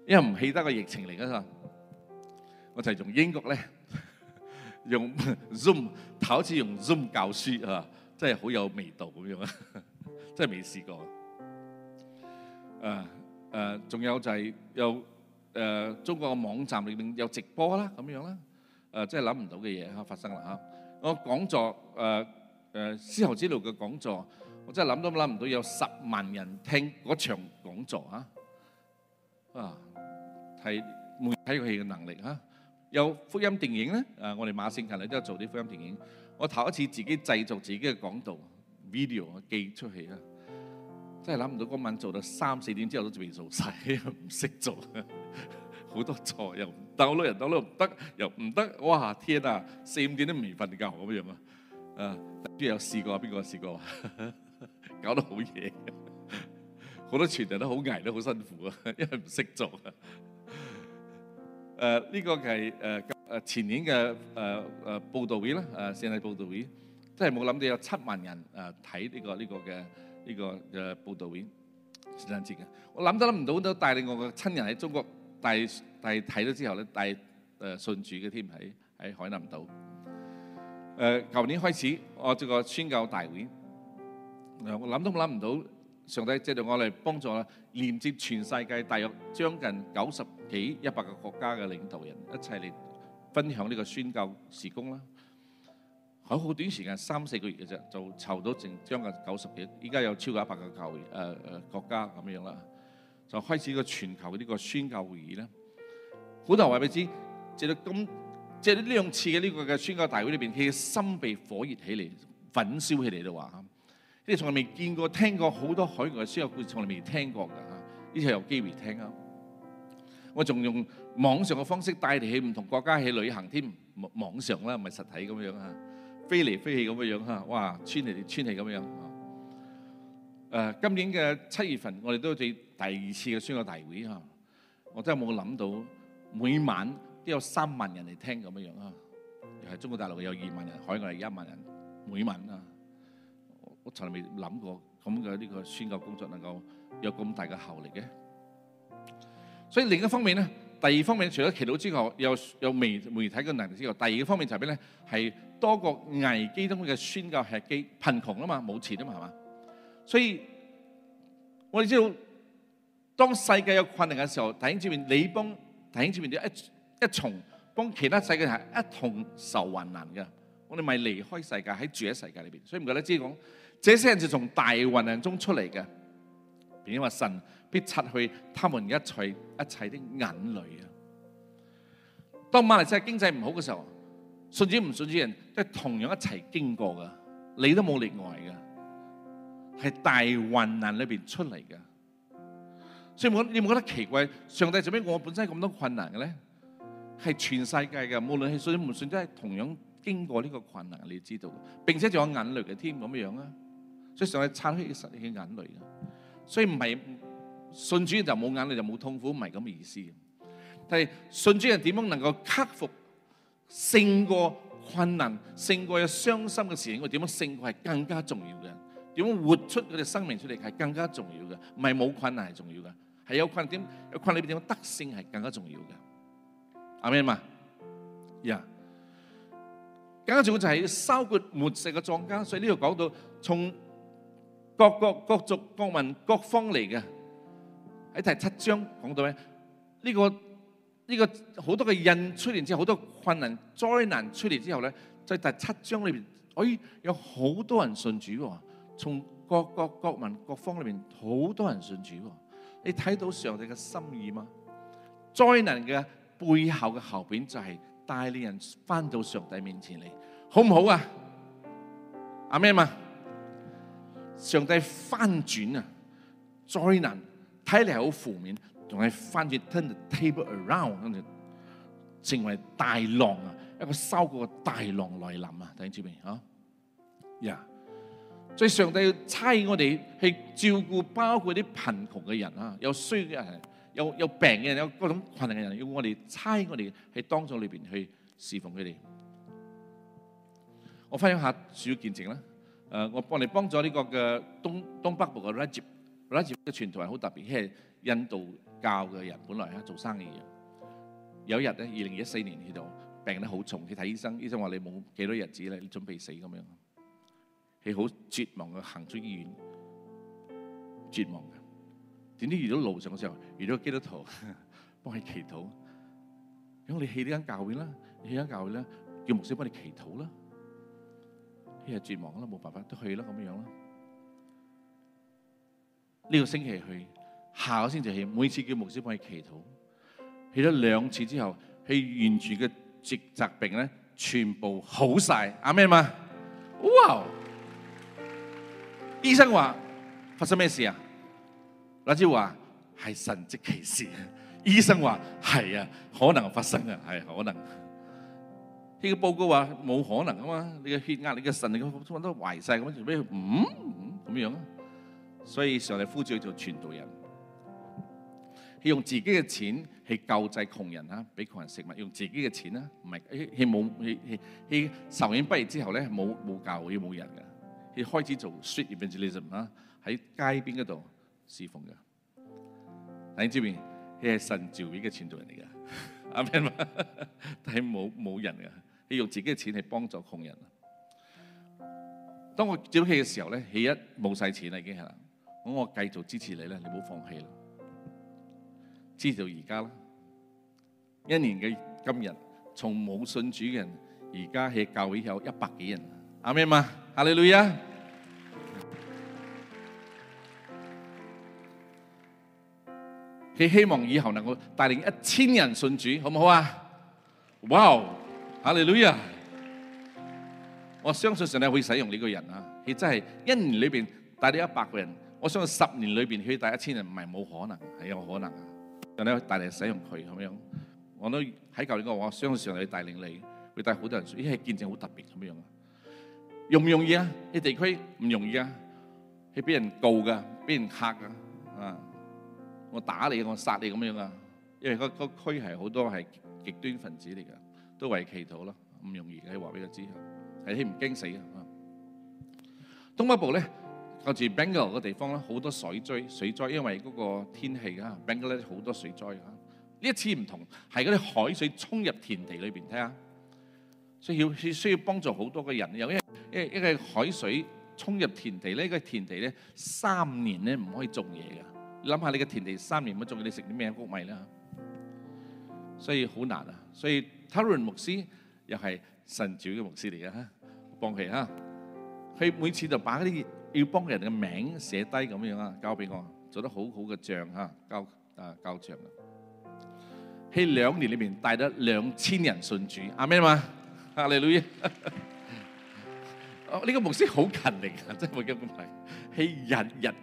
因為唔起得個疫情嚟噶嘛，我就係用英國咧，用 Zoom，好似用 Zoom 教書啊，真係好有味道咁樣啊，真係未試過。誒誒，仲有就係有誒中國嘅網站裏邊有直播啦，咁樣啦，誒即係諗唔到嘅嘢嚇發生啦嚇，我講座誒。誒絲綢之路嘅講座，我真係諗都諗唔到有十萬人聽嗰場講座啊！啊，係媒體嘅能力啊！有福音電影咧，誒我哋馬聖勤咧都係做啲福音電影。我頭一次自己製造自己嘅講道 video 啊，寄出去啊，真係諗唔到嗰晚做到三四點之後都未做曬，唔識做，好多錯又，抖攞人抖攞又唔得，又唔得，哇！天啊，四五點都未瞓覺咁樣啊！啊，邊有試過啊？邊個試過啊？搞得好嘢，好多傳人都好捱，都好辛苦啊，因為唔識做啊。誒、呢、呢個係誒誒前年嘅誒誒報道會啦，誒聖禮報道會，真係冇諗到有七萬人誒睇呢個呢、呢個嘅呢、呢個嘅報道會，神賜嘅。我諗都諗唔到都帶領我嘅親人喺中國帶帶睇咗之後咧，帶誒、呃、信主嘅添喺喺海南島。誒、呃，舊年開始，我這個宣教大會，呃、我諗都諗唔到，上帝借到我嚟幫助啦，連接全世界大約將近九十幾一百個國家嘅領導人，一齊嚟分享呢個宣教事工啦。喺好短時間，三四個月嘅啫，就籌到淨將近九十幾，依家有超過一百個國誒誒國家咁樣啦，就開始個全球呢個宣教會議咧。好多人話俾你知，直到今。即係呢兩次嘅呢個嘅宣教大會裏邊，佢嘅心被火熱起嚟，焚燒起嚟啦！話，你從嚟未見過、聽過好多海外嘅宣教故事，從嚟未聽過嘅嚇，呢次有機會聽啊！我仲用網上嘅方式帶嚟去唔同國家去旅行添，網上啦，唔係實體咁樣啊，飛嚟飛去咁樣嚇，哇，穿嚟穿去咁樣啊、呃！今年嘅七月份，我哋都係第二次嘅宣教大會啊！我真係冇諗到，每晚。都有三萬人嚟聽咁樣樣啊，又係中國大陸有二萬人，海外有一萬人，每晚啊，我從來未諗過咁嘅呢個宣教工作能夠有咁大嘅效力嘅。所以另一方面咧，第二方面除咗祈禱之外，又又媒媒體嘅能力之外，第二嘅方面就係咩咧？係多過危機中嘅宣教吃機貧窮啊嘛，冇錢啊嘛係嘛。所以我哋知道，當世界有困難嘅時候，弟兄姊妹，你幫弟兄姊妹。一從幫其他世界人一同受患難嘅，我哋咪離開世界喺住喺世界裏邊，所以唔覺得即係講，這些人就從大患難中出嚟嘅，因為神必擦去他們一切一切的眼淚啊！當馬來西亞經濟唔好嘅時候，信主唔信主人都係同樣一齊經過噶，你都冇例外噶，係大患難裏邊出嚟嘅。所以冇，你冇覺得奇怪？上帝做咩我本身咁多困難嘅咧？係全世界嘅，無論係信唔信，都係同樣經過呢個困難，你知道嘅。並且仲有眼淚嘅添咁樣啊，所以上去擦去佢嘅眼淚嘅。所以唔係信主就冇眼淚，就冇痛苦，唔係咁嘅意思。但係信主係點樣能夠克服勝過困難、勝過有傷心嘅事情？我點樣勝過係更加重要嘅？點樣活出佢哋生命出嚟係更加重要嘅？唔係冇困難係重要嘅，係有困難點？有困難裏邊點樣得勝係更加重要嘅？阿媽嘛，呀，跟住就係要收割末世嘅壯家，所以呢度講到從各國各各族各民各方嚟，嘅喺第七章講到咧，呢、呢個呢、呢個好多嘅印出嚟之後，好多困難災難出嚟之後咧，在第七章裏邊，哎，有好多人信主，哦，從各國國民各方裏邊好多人信主，哦，你睇到上帝嘅心意嗎？災難嘅。背後嘅後邊就係帶領人翻到上帝面前嚟，好唔好啊？阿咩嘛，上帝翻轉啊，再難睇嚟好負面，仲係翻轉 turn the table around，跟住成為大浪啊，一個收過大浪來臨啊！大家注意呀，yeah. 所以上帝要差我哋去照顧，包括啲貧窮嘅人啊，有需要嘅人。有有病嘅人，有嗰種困難嘅人，要我哋猜，我哋喺當中裏邊去侍奉佢哋。我分享下主要見證啦。誒，我幫你幫助呢個嘅東東北部嘅拉傑，拉傑嘅傳統係好特別，佢係印度教嘅人，本來係做生意嘅。有一日咧，二零一四年佢就病得好重，去睇醫生，醫生話你冇幾多日子咧，你準備死咁樣。佢好絕望嘅行出醫院，絕望嘅。點知遇到路上嘅時候，遇到基督徒幫佢祈禱，咁你去呢間教會啦，你去呢間教會咧，叫牧師幫你祈禱啦，佢係絕望啦，冇辦法都去啦，咁樣咯。呢個星期去，下個星期去，每次叫牧師幫佢祈禱，祈咗兩次之後，佢完全嘅絕疾病咧，全部好曬，阿咩嘛，哇！醫生話發生咩事啊？或者話係神蹟奇事，醫生話係啊，可能發生啊，係可能。呢、這個報告話冇可能啊嘛，你嘅血壓、你嘅腎，咁乜都壞晒。咁、嗯，做咩唔唔咁樣？所以上帝呼召做傳道人，佢用自己嘅錢去救濟窮人啊，俾窮人食物，用自己嘅錢啊，唔係佢冇佢佢受完畢業之後咧冇冇教會冇人嘅，佢開始做 street evangelism 啊，喺街邊嗰度。侍奉嘅，喺呢邊，佢係神召會嘅傳道人嚟噶，阿媽，係冇冇人噶，佢用自己嘅錢去幫助窮人。當我叫佢嘅時候咧，佢一冇晒錢啦，已經係啦。咁我繼續支持你咧，你唔好放棄啦。支持到而家啦，一年嘅今日，從冇信主嘅人，而家喺教會有一百幾人，阿媽，哈利路亞。你希望以後能夠帶領一千人信主，好唔好啊？哇！哈利路亞！我相信上帝會使用呢個人啊！你真係一年裏邊帶你一百個人，我相信十年裏邊可以帶一千人唔係冇可能，係有可能。上帝會帶嚟使用佢咁樣，我都喺舊年我話相信上帝帶領你，會帶好多人信，呢係見證好特別咁樣。容唔容易啊？你地佢唔容易啊！佢俾人告噶，俾人嚇噶啊！我打你，我殺你咁樣啊！因為嗰個區係好多係極端分子嚟噶，都為了祈禱咯，唔容易嘅。話俾佢知，係唔驚死嘅。東北部咧，靠住 Bangalore 嘅地方咧，好多水災，水災，因為嗰個天氣啊，Bangalore 好多水災啊。呢一次唔同，係嗰啲海水沖入田地裏邊，睇下，所以要需要幫助好多嘅人。因為因為因為海水沖入田地呢個田地咧，三年咧唔可以種嘢嘅。諗下你嘅田地三年冇種，你食啲咩穀米咧？所以好難啊！所以塔倫牧師又係神主嘅牧師嚟嘅，幫佢啊！佢每次就把嗰啲要幫人嘅名寫低咁樣啊，交俾我，做得好好嘅賬啊，交啊交賬。喺兩年裏面帶得兩千人信主，阿咩嘛？哈利路亞，呢個牧師好勤力啊！真係冇咁咁快，係日日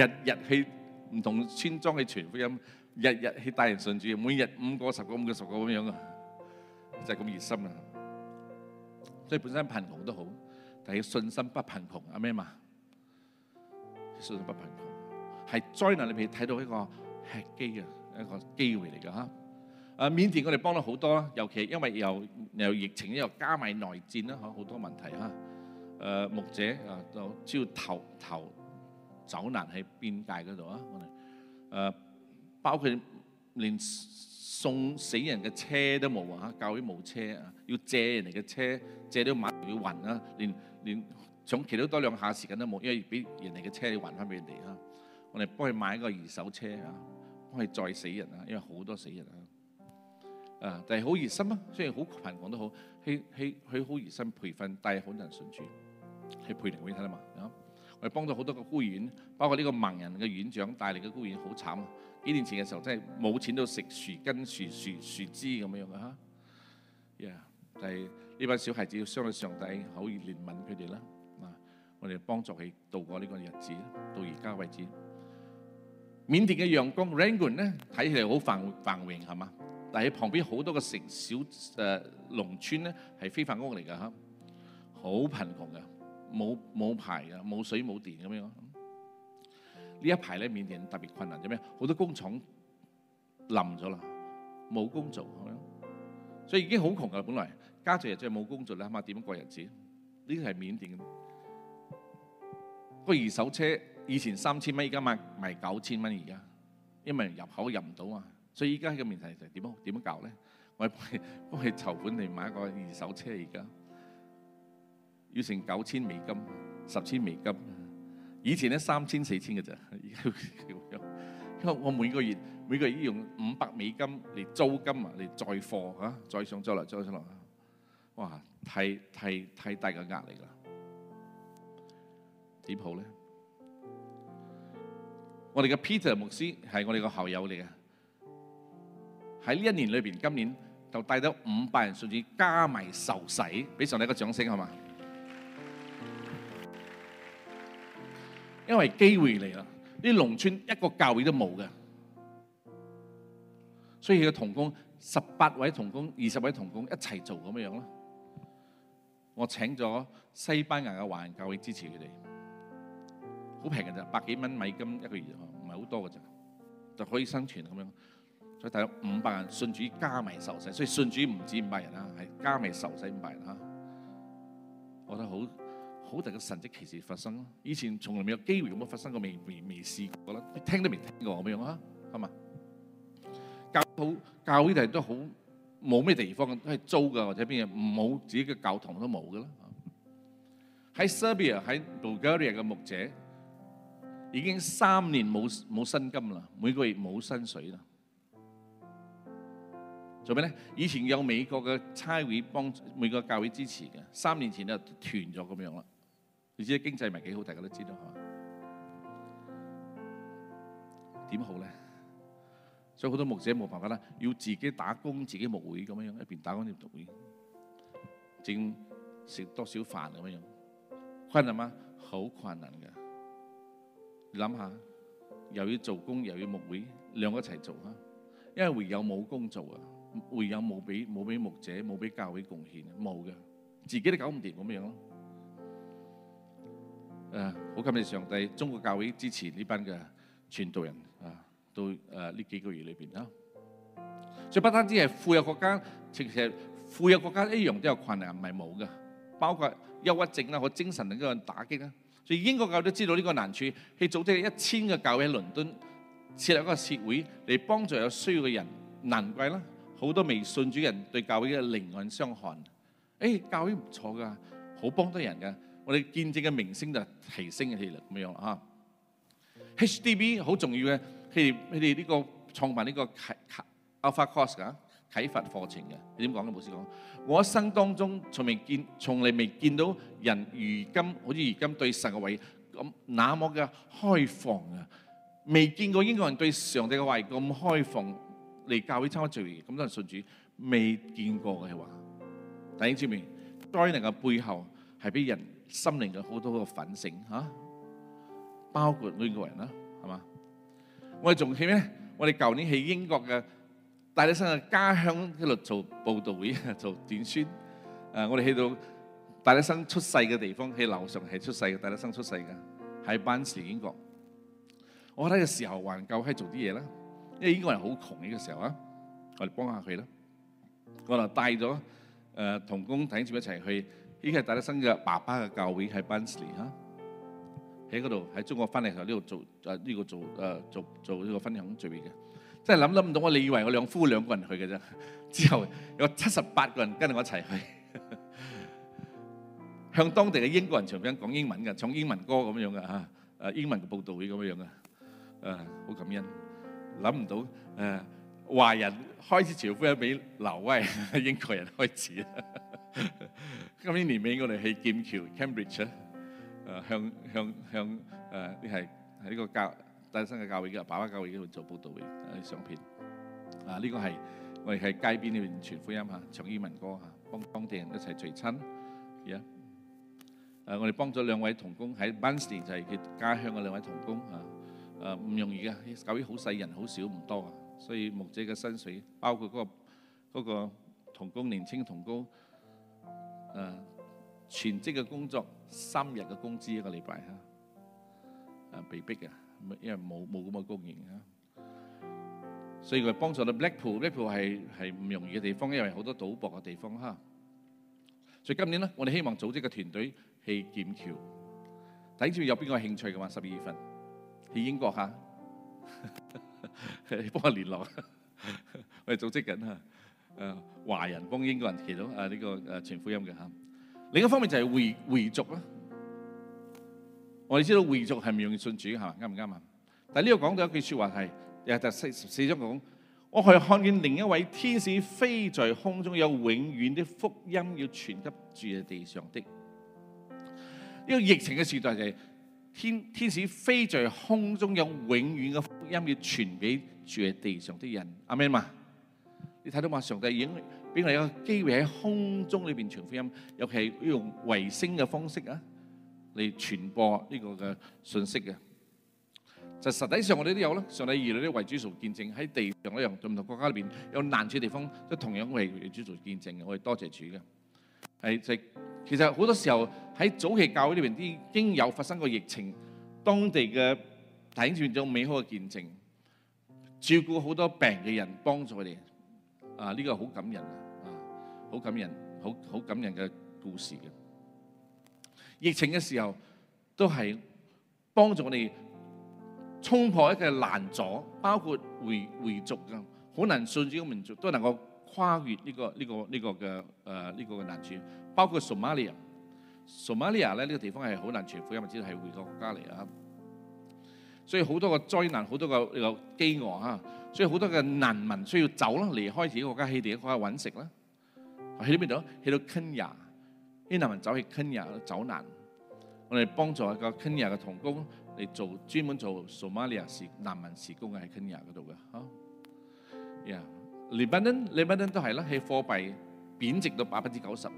日日去。唔同村莊去傳福音，日日去帶人信主，每日五個十個五個十個咁樣噶，就係咁熱心啊！所以本身貧窮都好，但係信心不貧窮，阿媽嘛，信心不貧窮，係災難裏邊睇到一個吃機嘅一個機會嚟㗎嚇。啊，緬甸我哋幫咗好多，尤其因為又又疫情又加埋內戰啦，嚇好多問題嚇。誒，牧者啊，就只要投投。走難喺邊界嗰度啊！我哋誒、啊、包括連送死人嘅車都冇啊！教會冇車啊，要借人哋嘅車，借到晚要還啊！連連想企多多兩下時間都冇，因為俾人哋嘅車要還翻俾人哋啊。我哋幫佢買一個二手車啊，幫佢載死人啊，因為好多死人啊！啊，但係好熱心啊，雖然好貧窮都好，佢佢佢好熱心培訓，但係好難順住，係培靈會睇到嘛、啊我哋幫到好多個孤院，包括呢個盲人嘅院長帶嚟嘅孤院，好慘啊！幾年前嘅時候真係冇錢到食樹根樹、樹樹樹枝咁樣樣嘅嚇。就係呢班小孩子要相信上帝可以憐憫佢哋啦。我哋幫助佢度過呢個日子，到而家為止。緬甸嘅仰光 Rangoon 咧，睇起嚟好繁繁榮係嘛？但係旁邊好多個城小誒農、呃、村咧係非法屋嚟嘅嚇，好貧窮嘅。冇冇牌嘅，冇水冇電咁樣。呢一排咧，緬甸特別困難，做咩？好多工廠冧咗啦，冇工做，所以已經好窮噶啦。本來家住又再冇工做啦，嚇嘛點樣過日子？呢啲係緬甸嘅。個二手車以前三千蚊，而家賣賣九千蚊，而家，因為入口入唔到啊，所以依家喺個緬甸就點樣點樣搞咧？我幫佢籌款嚟買一個二手車而家。要成九千美金、十千美金，以前咧三千四千嘅啫。因為我每個月每個月要用五百美金嚟租金啊，嚟載貨啊，載上載落載上落。哇，太太太大嘅壓力啦！點好咧？我哋嘅 Peter 牧師係我哋個校友嚟嘅。喺呢一年裏邊，今年就帶咗五百人數字，甚至加埋受洗，俾上你一個掌聲，好嘛？因為機會嚟啦，啲農村一個教會都冇嘅，所以佢個童工十八位童工、二十位童工一齊做咁樣咯。我請咗西班牙嘅華人教會支持佢哋，好平嘅咋，百幾蚊美金一個月，唔係好多嘅咋，就可以生存咁樣。所以大約五百人信主加埋受洗，所以信主唔止五百人啦，係加埋受洗五百人啦。我覺得好。好大嘅神蹟奇事發生咯！以前從來未有機會咁樣發生過，未未未試過啦，聽都未聽過咁樣啊，係嘛？教會教會地都好冇咩地方，都係租㗎或者邊嘢，冇自己嘅教堂都冇㗎啦。喺 Serbia 喺 Bulgaria 嘅牧者已經三年冇冇薪金啦，每個月冇薪水啦。做咩咧？以前有美國嘅差會幫美國教會支持嘅，三年前就斷咗咁樣啦。你知經濟唔係幾好，大家都知道係嘛？點好咧？所以好多牧者冇辦法啦，要自己打工、自己牧會咁樣樣，一邊打工一邊讀書，整食多少飯咁樣樣，困難嗎？好困難嘅。你諗下又要做工，又要牧會，兩個一齊做啊！因為會有冇工做啊？會有冇俾冇俾牧者、冇俾教會貢獻啊？冇嘅，自己都搞唔掂咁樣咯。誒、啊，好感謝上帝，中國教會支持呢班嘅傳道人啊，到誒呢、啊、幾個月裏邊啊，所以不單止係富有國家，其實富有國家一樣都有困難，唔係冇噶，包括憂鬱症啦，我精神嘅一個打擊啦，所以英國教會都知道呢個難處，去組織一千個教會喺倫敦設立一個協會嚟幫助有需要嘅人，難怪啦，好多未信主人對教會嘅另眼相看，誒、哎，教會唔錯噶，好幫到人噶。我哋見證嘅明星就提升嘅氣力咁樣啦嚇。H.D.B 好重要嘅，佢哋佢哋呢個創辦呢個啟啟 Alpha Course 噶啟發課程嘅你點講都冇事講。我一生當中從未見從嚟未見到人，如今好似如今對神嘅位咁那麼嘅開放啊！未見過英國人對上帝嘅位咁開放，嚟教會參加聚會咁多人信主，未見過嘅話。大家知唔知？災難嘅背後係俾人。心靈嘅好多嘅反省嚇，包括每個人啦，係嘛？我哋仲去咩？我哋舊年喺英國嘅戴德生嘅家鄉嗰度做佈道會，做短宣。誒，我哋去到戴德生出世嘅地方，喺樓上係出世嘅，戴德生出世嘅，喺班士英國。我睇嘅時候還夠喺做啲嘢啦，因為英國人好窮呢個時候啊，我哋幫下佢啦。我就帶咗誒同工弟兄一齊去。呢個係大德生嘅爸爸嘅教會喺 Barnsley 嚇，喺嗰度喺中國翻嚟喺呢度做誒呢個做誒、這個、做、呃、做呢個分享聚會嘅，真係諗都諗唔到我，我哋以為我兩夫兩個人去嘅啫，之後有七十八個人跟住我一齊去呵呵，向當地嘅英國人長篇講英文嘅，唱英文歌咁樣嘅嚇，誒、啊、英文嘅佈道會咁樣嘅，誒、啊、好感恩，諗唔到誒華、啊、人開始傳福音俾老外英國人開始。呵呵今年年尾我哋去劍橋 （Cambridge） 啊，向向向誒，啲係喺呢個教，單身嘅教會嘅爸爸教會嘅度做報道會誒，相片啊，呢個係我哋喺街邊呢邊傳福音吓，唱英文歌吓，幫當地人一齊聚餐，而家誒，我哋幫咗兩位同工喺 Bunty 就係佢家鄉嘅兩位同工啊，誒，唔容易嘅，教會好細人好少唔多啊，所以牧者嘅薪水包括嗰個嗰個同工年輕同工。誒、啊，全職嘅工作三日嘅工資一個禮拜啊,啊，被逼嘅，因為冇冇咁嘅供應啊，所以佢幫助啦 Blackpool, Blackpool。Blackpool，Blackpool 係係唔容易嘅地方，因為好多賭博嘅地方哈、啊。所以今年咧，我哋希望組織個團隊去劍橋，睇住有邊個有興趣嘅話，十二月份去英國吓，幫、啊、 我聯絡，啊、 我哋組織緊吓。啊誒、啊，華人幫英國人接到誒呢、啊這個誒傳福音嘅吓、啊，另一方面就係回回族啦、啊。我哋知道回族係唔容易信主吓，啱唔啱啊？但係呢度講到一句說話係，又係第十四章講，我係看見另一位天使飛在空中，有永遠的福音要傳給住喺地上的。呢、這個疫情嘅時代就係天天使飛在空中，有永遠嘅福音要傳俾住喺地上的人。阿門嘛。你睇到嘛，上帝已經俾我哋一個機會喺空中裏邊傳福音，尤其用衛星嘅方式啊，嚟傳播呢個嘅信息嘅。就實際上我哋都有咯。上帝遇嚟啲為主做見證，喺地上一樣，喺唔同國家裏邊有難處的地方，都同樣為主做見證嘅。我哋多謝主嘅。係就是、其實好多時候喺早期教會裏邊啲，經有發生過疫情，當地嘅體現咗美好嘅見證，照顧好多病嘅人幫我，幫助佢哋。啊！呢、這個好感人啊！好感人，好、啊、好感人嘅故事嘅。疫情嘅時候都係幫助我哋衝破一個難阻，包括回回族嘅好難信主嘅民族，都能夠跨越呢、這個呢、這個呢、這個嘅誒呢個嘅難處。包括 Somalia，Somalia 咧 Somalia 呢、這個地方係好難傳福音，只係回教國家嚟啊。所以好多個災難，好多、這個又飢餓啊。所以好多嘅難民需要走啦，離開自己國家棄地，去揾食啦。去到邊度？去到肯亞。啲難民走去肯亞走難，我哋幫助一個肯亞嘅童工嚟做，專門做 Somalia 時難民時工嘅喺肯亞嗰度嘅嚇。呀 Lebanon，Lebanon 都係啦，喺貨幣貶值到百分之九十啊，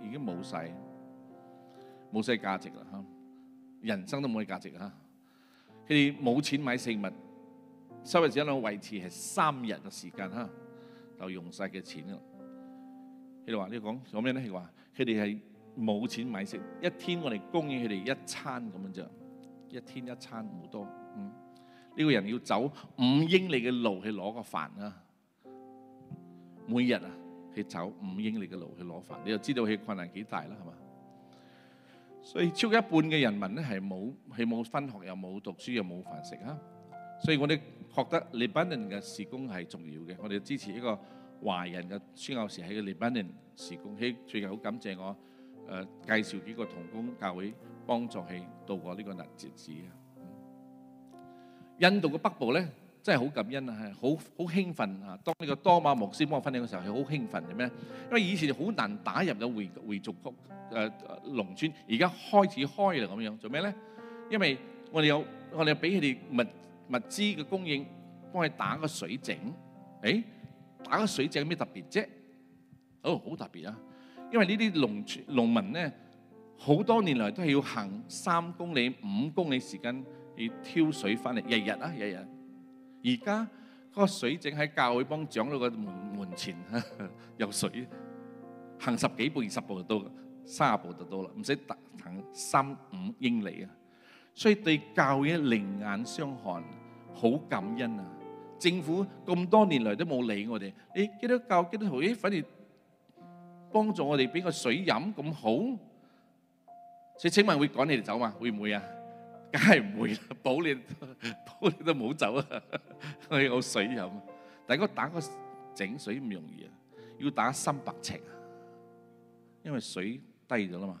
已經冇晒，冇晒價值啦嚇、啊。人生都冇曬價值嚇。佢哋、啊、冇錢買食物。收嘅錢咧維持係三日嘅時間哈，就用晒嘅錢咯。佢哋話，你講有咩咧？佢話佢哋係冇錢買食，一天我哋供應佢哋一餐咁樣啫，一天一餐冇多。嗯，呢、這個人要走五英里嘅路去攞個飯啊，每日啊佢走五英里嘅路去攞飯，你就知道佢困難幾大啦，係嘛？所以超過一半嘅人民咧係冇，佢冇返學，又冇讀書又冇飯食啊，所以我哋。覺得黎巴嫩嘅時工係重要嘅，我哋支持一個華人嘅宣教士喺黎巴嫩時工，喺最近好感謝我誒介紹幾個同工教會幫助佢度過呢個難節啊！印度嘅北部咧真係好感恩啊，好好興奮啊！當呢個多馬牧師幫我分享嘅時候，係好興奮嘅咩？因為以前好難打入咗回回族區誒農村，而家開始開啦咁樣，做咩咧？因為我哋有我哋俾佢哋物物資嘅供應，幫佢打個水井。誒，打個水井有咩特別啫？哦，好特別啊！因為呢啲農農民咧，好多年來都係要行三公里、五公里時間去挑水翻嚟，日日啦，日日。而家嗰個水井喺教會幫長到個門門前有水，行十幾步、二十步就到，三十步就到啦，唔使行三五英里啊！所以對教嘢另眼相看，好感恩啊！政府咁多年嚟都冇理我哋，你基督教基督徒反而幫助我哋俾個水飲咁好，所以請問會趕你哋走嘛？會唔會啊？梗係唔會啦，保你保你都冇走啊！我有水飲，但係我打個井水唔容易啊，要打三百尺啊，因為水低咗啦嘛。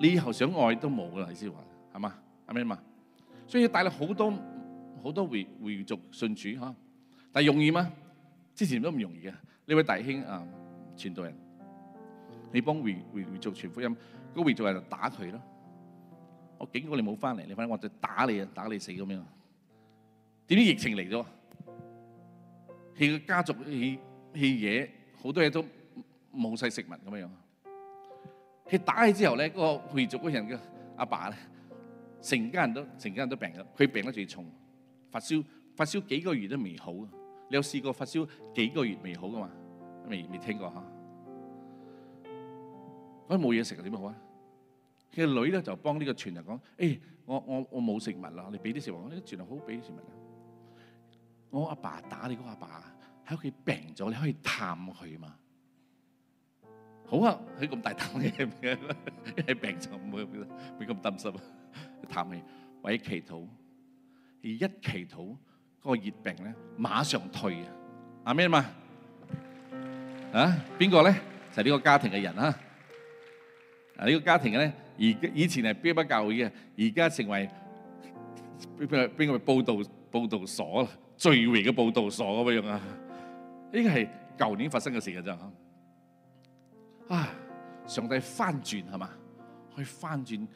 你以後想愛都冇噶啦，你先話，係嘛？係咪？嘛，所以帶嚟好多好多回回族信主嚇、啊，但係容易嗎？之前都唔容易嘅。呢位弟兄啊，傳道人，你幫回回族傳福音，個回族人就打佢咯。我警告你冇翻嚟，你翻嚟我就打你啊，打你死咁樣。點知疫情嚟咗，佢嘅家族，佢佢嘢好多嘢都冇晒食物咁樣。佢打起之後咧，嗰個回族嗰人嘅阿爸咧，成家人都成家人都病咗，佢病得最重，發燒發燒幾個月都未好。你有試過發燒幾個月未好噶嘛？未未聽過嚇。佢冇嘢食點好啊？佢個女咧就幫呢個傳人講，誒，我我我冇食物啦，你俾啲食物。我啲傳人好俾啲食物啊。我阿爸打你嗰阿爸喺屋企病咗，你可以探佢嘛？好啊，佢咁大膽嘅，佢病就唔會咁擔心啊。佢做咩？為咗祈禱，一祈禱嗰個熱病咧馬上退啊！啊咩啊嘛？啊邊個咧？就係呢個家庭嘅人啊！啊呢個家庭咧，而以前係標不教會嘅，而家成為邊個邊個報道報道所聚會嘅報道所咁樣啊？呢個係舊年發生嘅事㗎咋。啊！上帝翻轉係嘛？去翻轉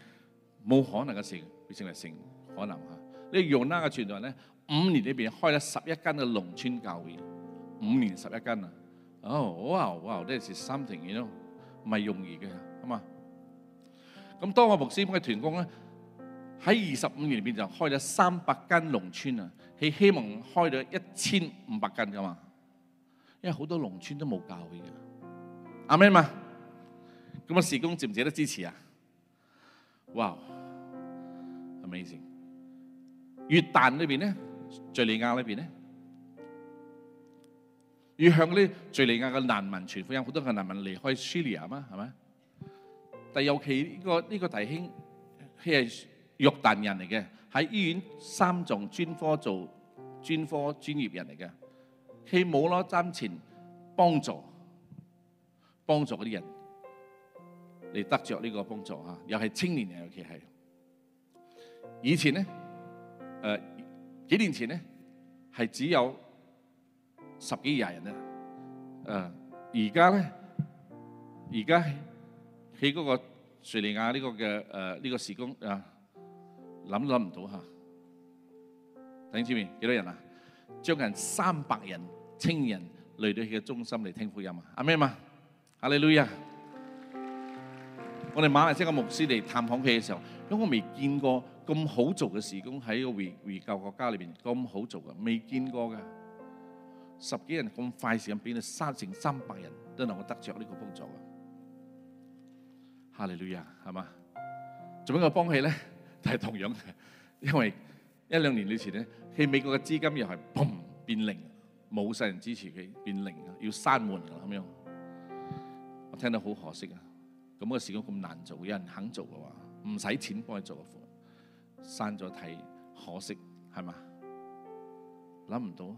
冇可能嘅事，變成成可能啊！呢容納嘅團隊咧，五年裏邊開咗十一間嘅農村教會，五年十一間啊！哦哇哇，呢啲是三庭嘢咯，唔係容易嘅，好嘛？咁當我牧師幫嘅團工咧，喺二十五年裏邊就開咗三百間農村啊！希望開到一千五百間噶嘛？因為好多農村都冇教會嘅，阿 m i 咁啊，事工值唔值得支持啊？哇、wow，amazing！約旦裏邊咧，敍利亞裏邊咧，越向呢，敍利亞嘅難民傳福音，好多嘅難民離開 Syria 吖嘛，係咪？但尤其呢、呢個呢、呢個弟兄，佢係約旦人嚟嘅，喺醫院三重專科做專科專業人嚟嘅，佢冇攞金錢幫助幫助嗰啲人。嚟得着呢個幫助嚇，又係青年人尤其係。以前咧，誒幾年前咧，係只有十幾廿人啦。誒而家咧，而家喺嗰個敍利亞呢個嘅誒呢個時工啊，諗都諗唔到嚇。睇下面幾多人啊？將近三百人青年人嚟到佢嘅中心嚟聽福音啊！阿咩嘛？哈利路亞！我哋馬來西亞牧師嚟探訪佢嘅時候，咁我未見過咁好做嘅事工喺個回回教國家裏邊咁好做嘅，未見過嘅。十幾人咁快時間變到三成三百人都能夠得着呢個工作啊！哈利路亞，係嘛？做咩我幫佢咧？但係同樣嘅，因為一兩年以前咧，佢美國嘅資金又係嘣變零，冇曬人支持佢變零啊，要閂門啦咁樣。我聽到好可惜啊！咁、這個時工咁難做，有人肯做嘅話，唔使錢幫佢做嘅款，刪咗睇，可惜係嘛？諗唔到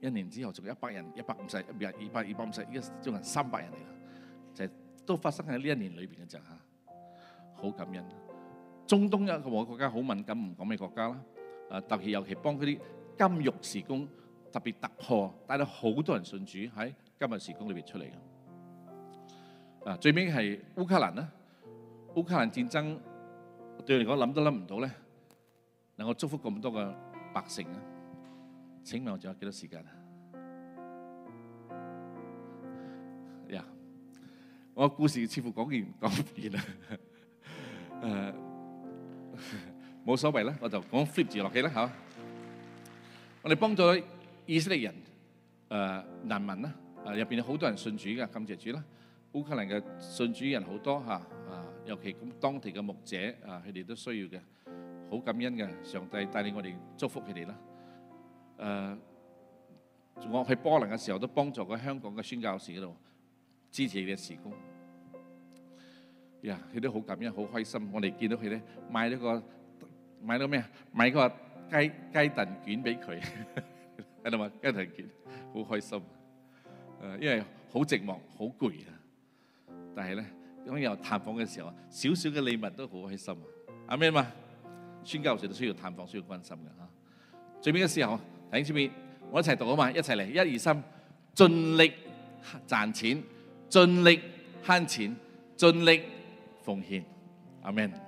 一年之後，仲有一百人，一百五十一，二百二百五十，依家將近三百人嚟啦，就係、是、都發生喺呢一年裏邊嘅咋。嚇，好感恩。中東有一個我國家好敏感，唔講咩國家啦，誒，特別尤其幫嗰啲金玉時工，特別突破，帶到好多人信主喺金玉時工裏邊出嚟嘅。啊！最尾係烏克蘭啦，烏克蘭戰爭對我嚟講諗都諗唔到咧。能夠祝福咁多個百姓啊！請問我仲有幾多時間啊？呀，我故事似乎講完講完啦。誒，冇所謂啦，我就講 flip 住落去啦嚇。我哋幫助以色列人誒難民啦，誒入邊有好多人信主㗎，感謝主啦。烏克蘭嘅信主人好多吓。啊，尤其咁當地嘅牧者啊，佢哋都需要嘅，好感恩嘅，上帝帶領我哋祝福佢哋啦。誒，我去波蘭嘅時候都幫助過香港嘅宣教士嗰度支持佢嘅事工。呀，佢都好感恩，好開心。我哋見到佢咧，買咗個買咗咩啊？買個雞雞蛋卷俾佢，睇到嗎？雞蛋卷，好開心。誒，因為好寂寞，好攰啊。但係咧，咁有探訪嘅時候啊，少少嘅禮物都好開心啊！阿 Man 嘛，宣教士都需要探訪，需要關心嘅嚇。最尾嘅時候，睇住面，我一齊讀啊嘛，一齊嚟，一二三，盡力賺錢，盡力慳錢，盡力奉獻。阿 Man。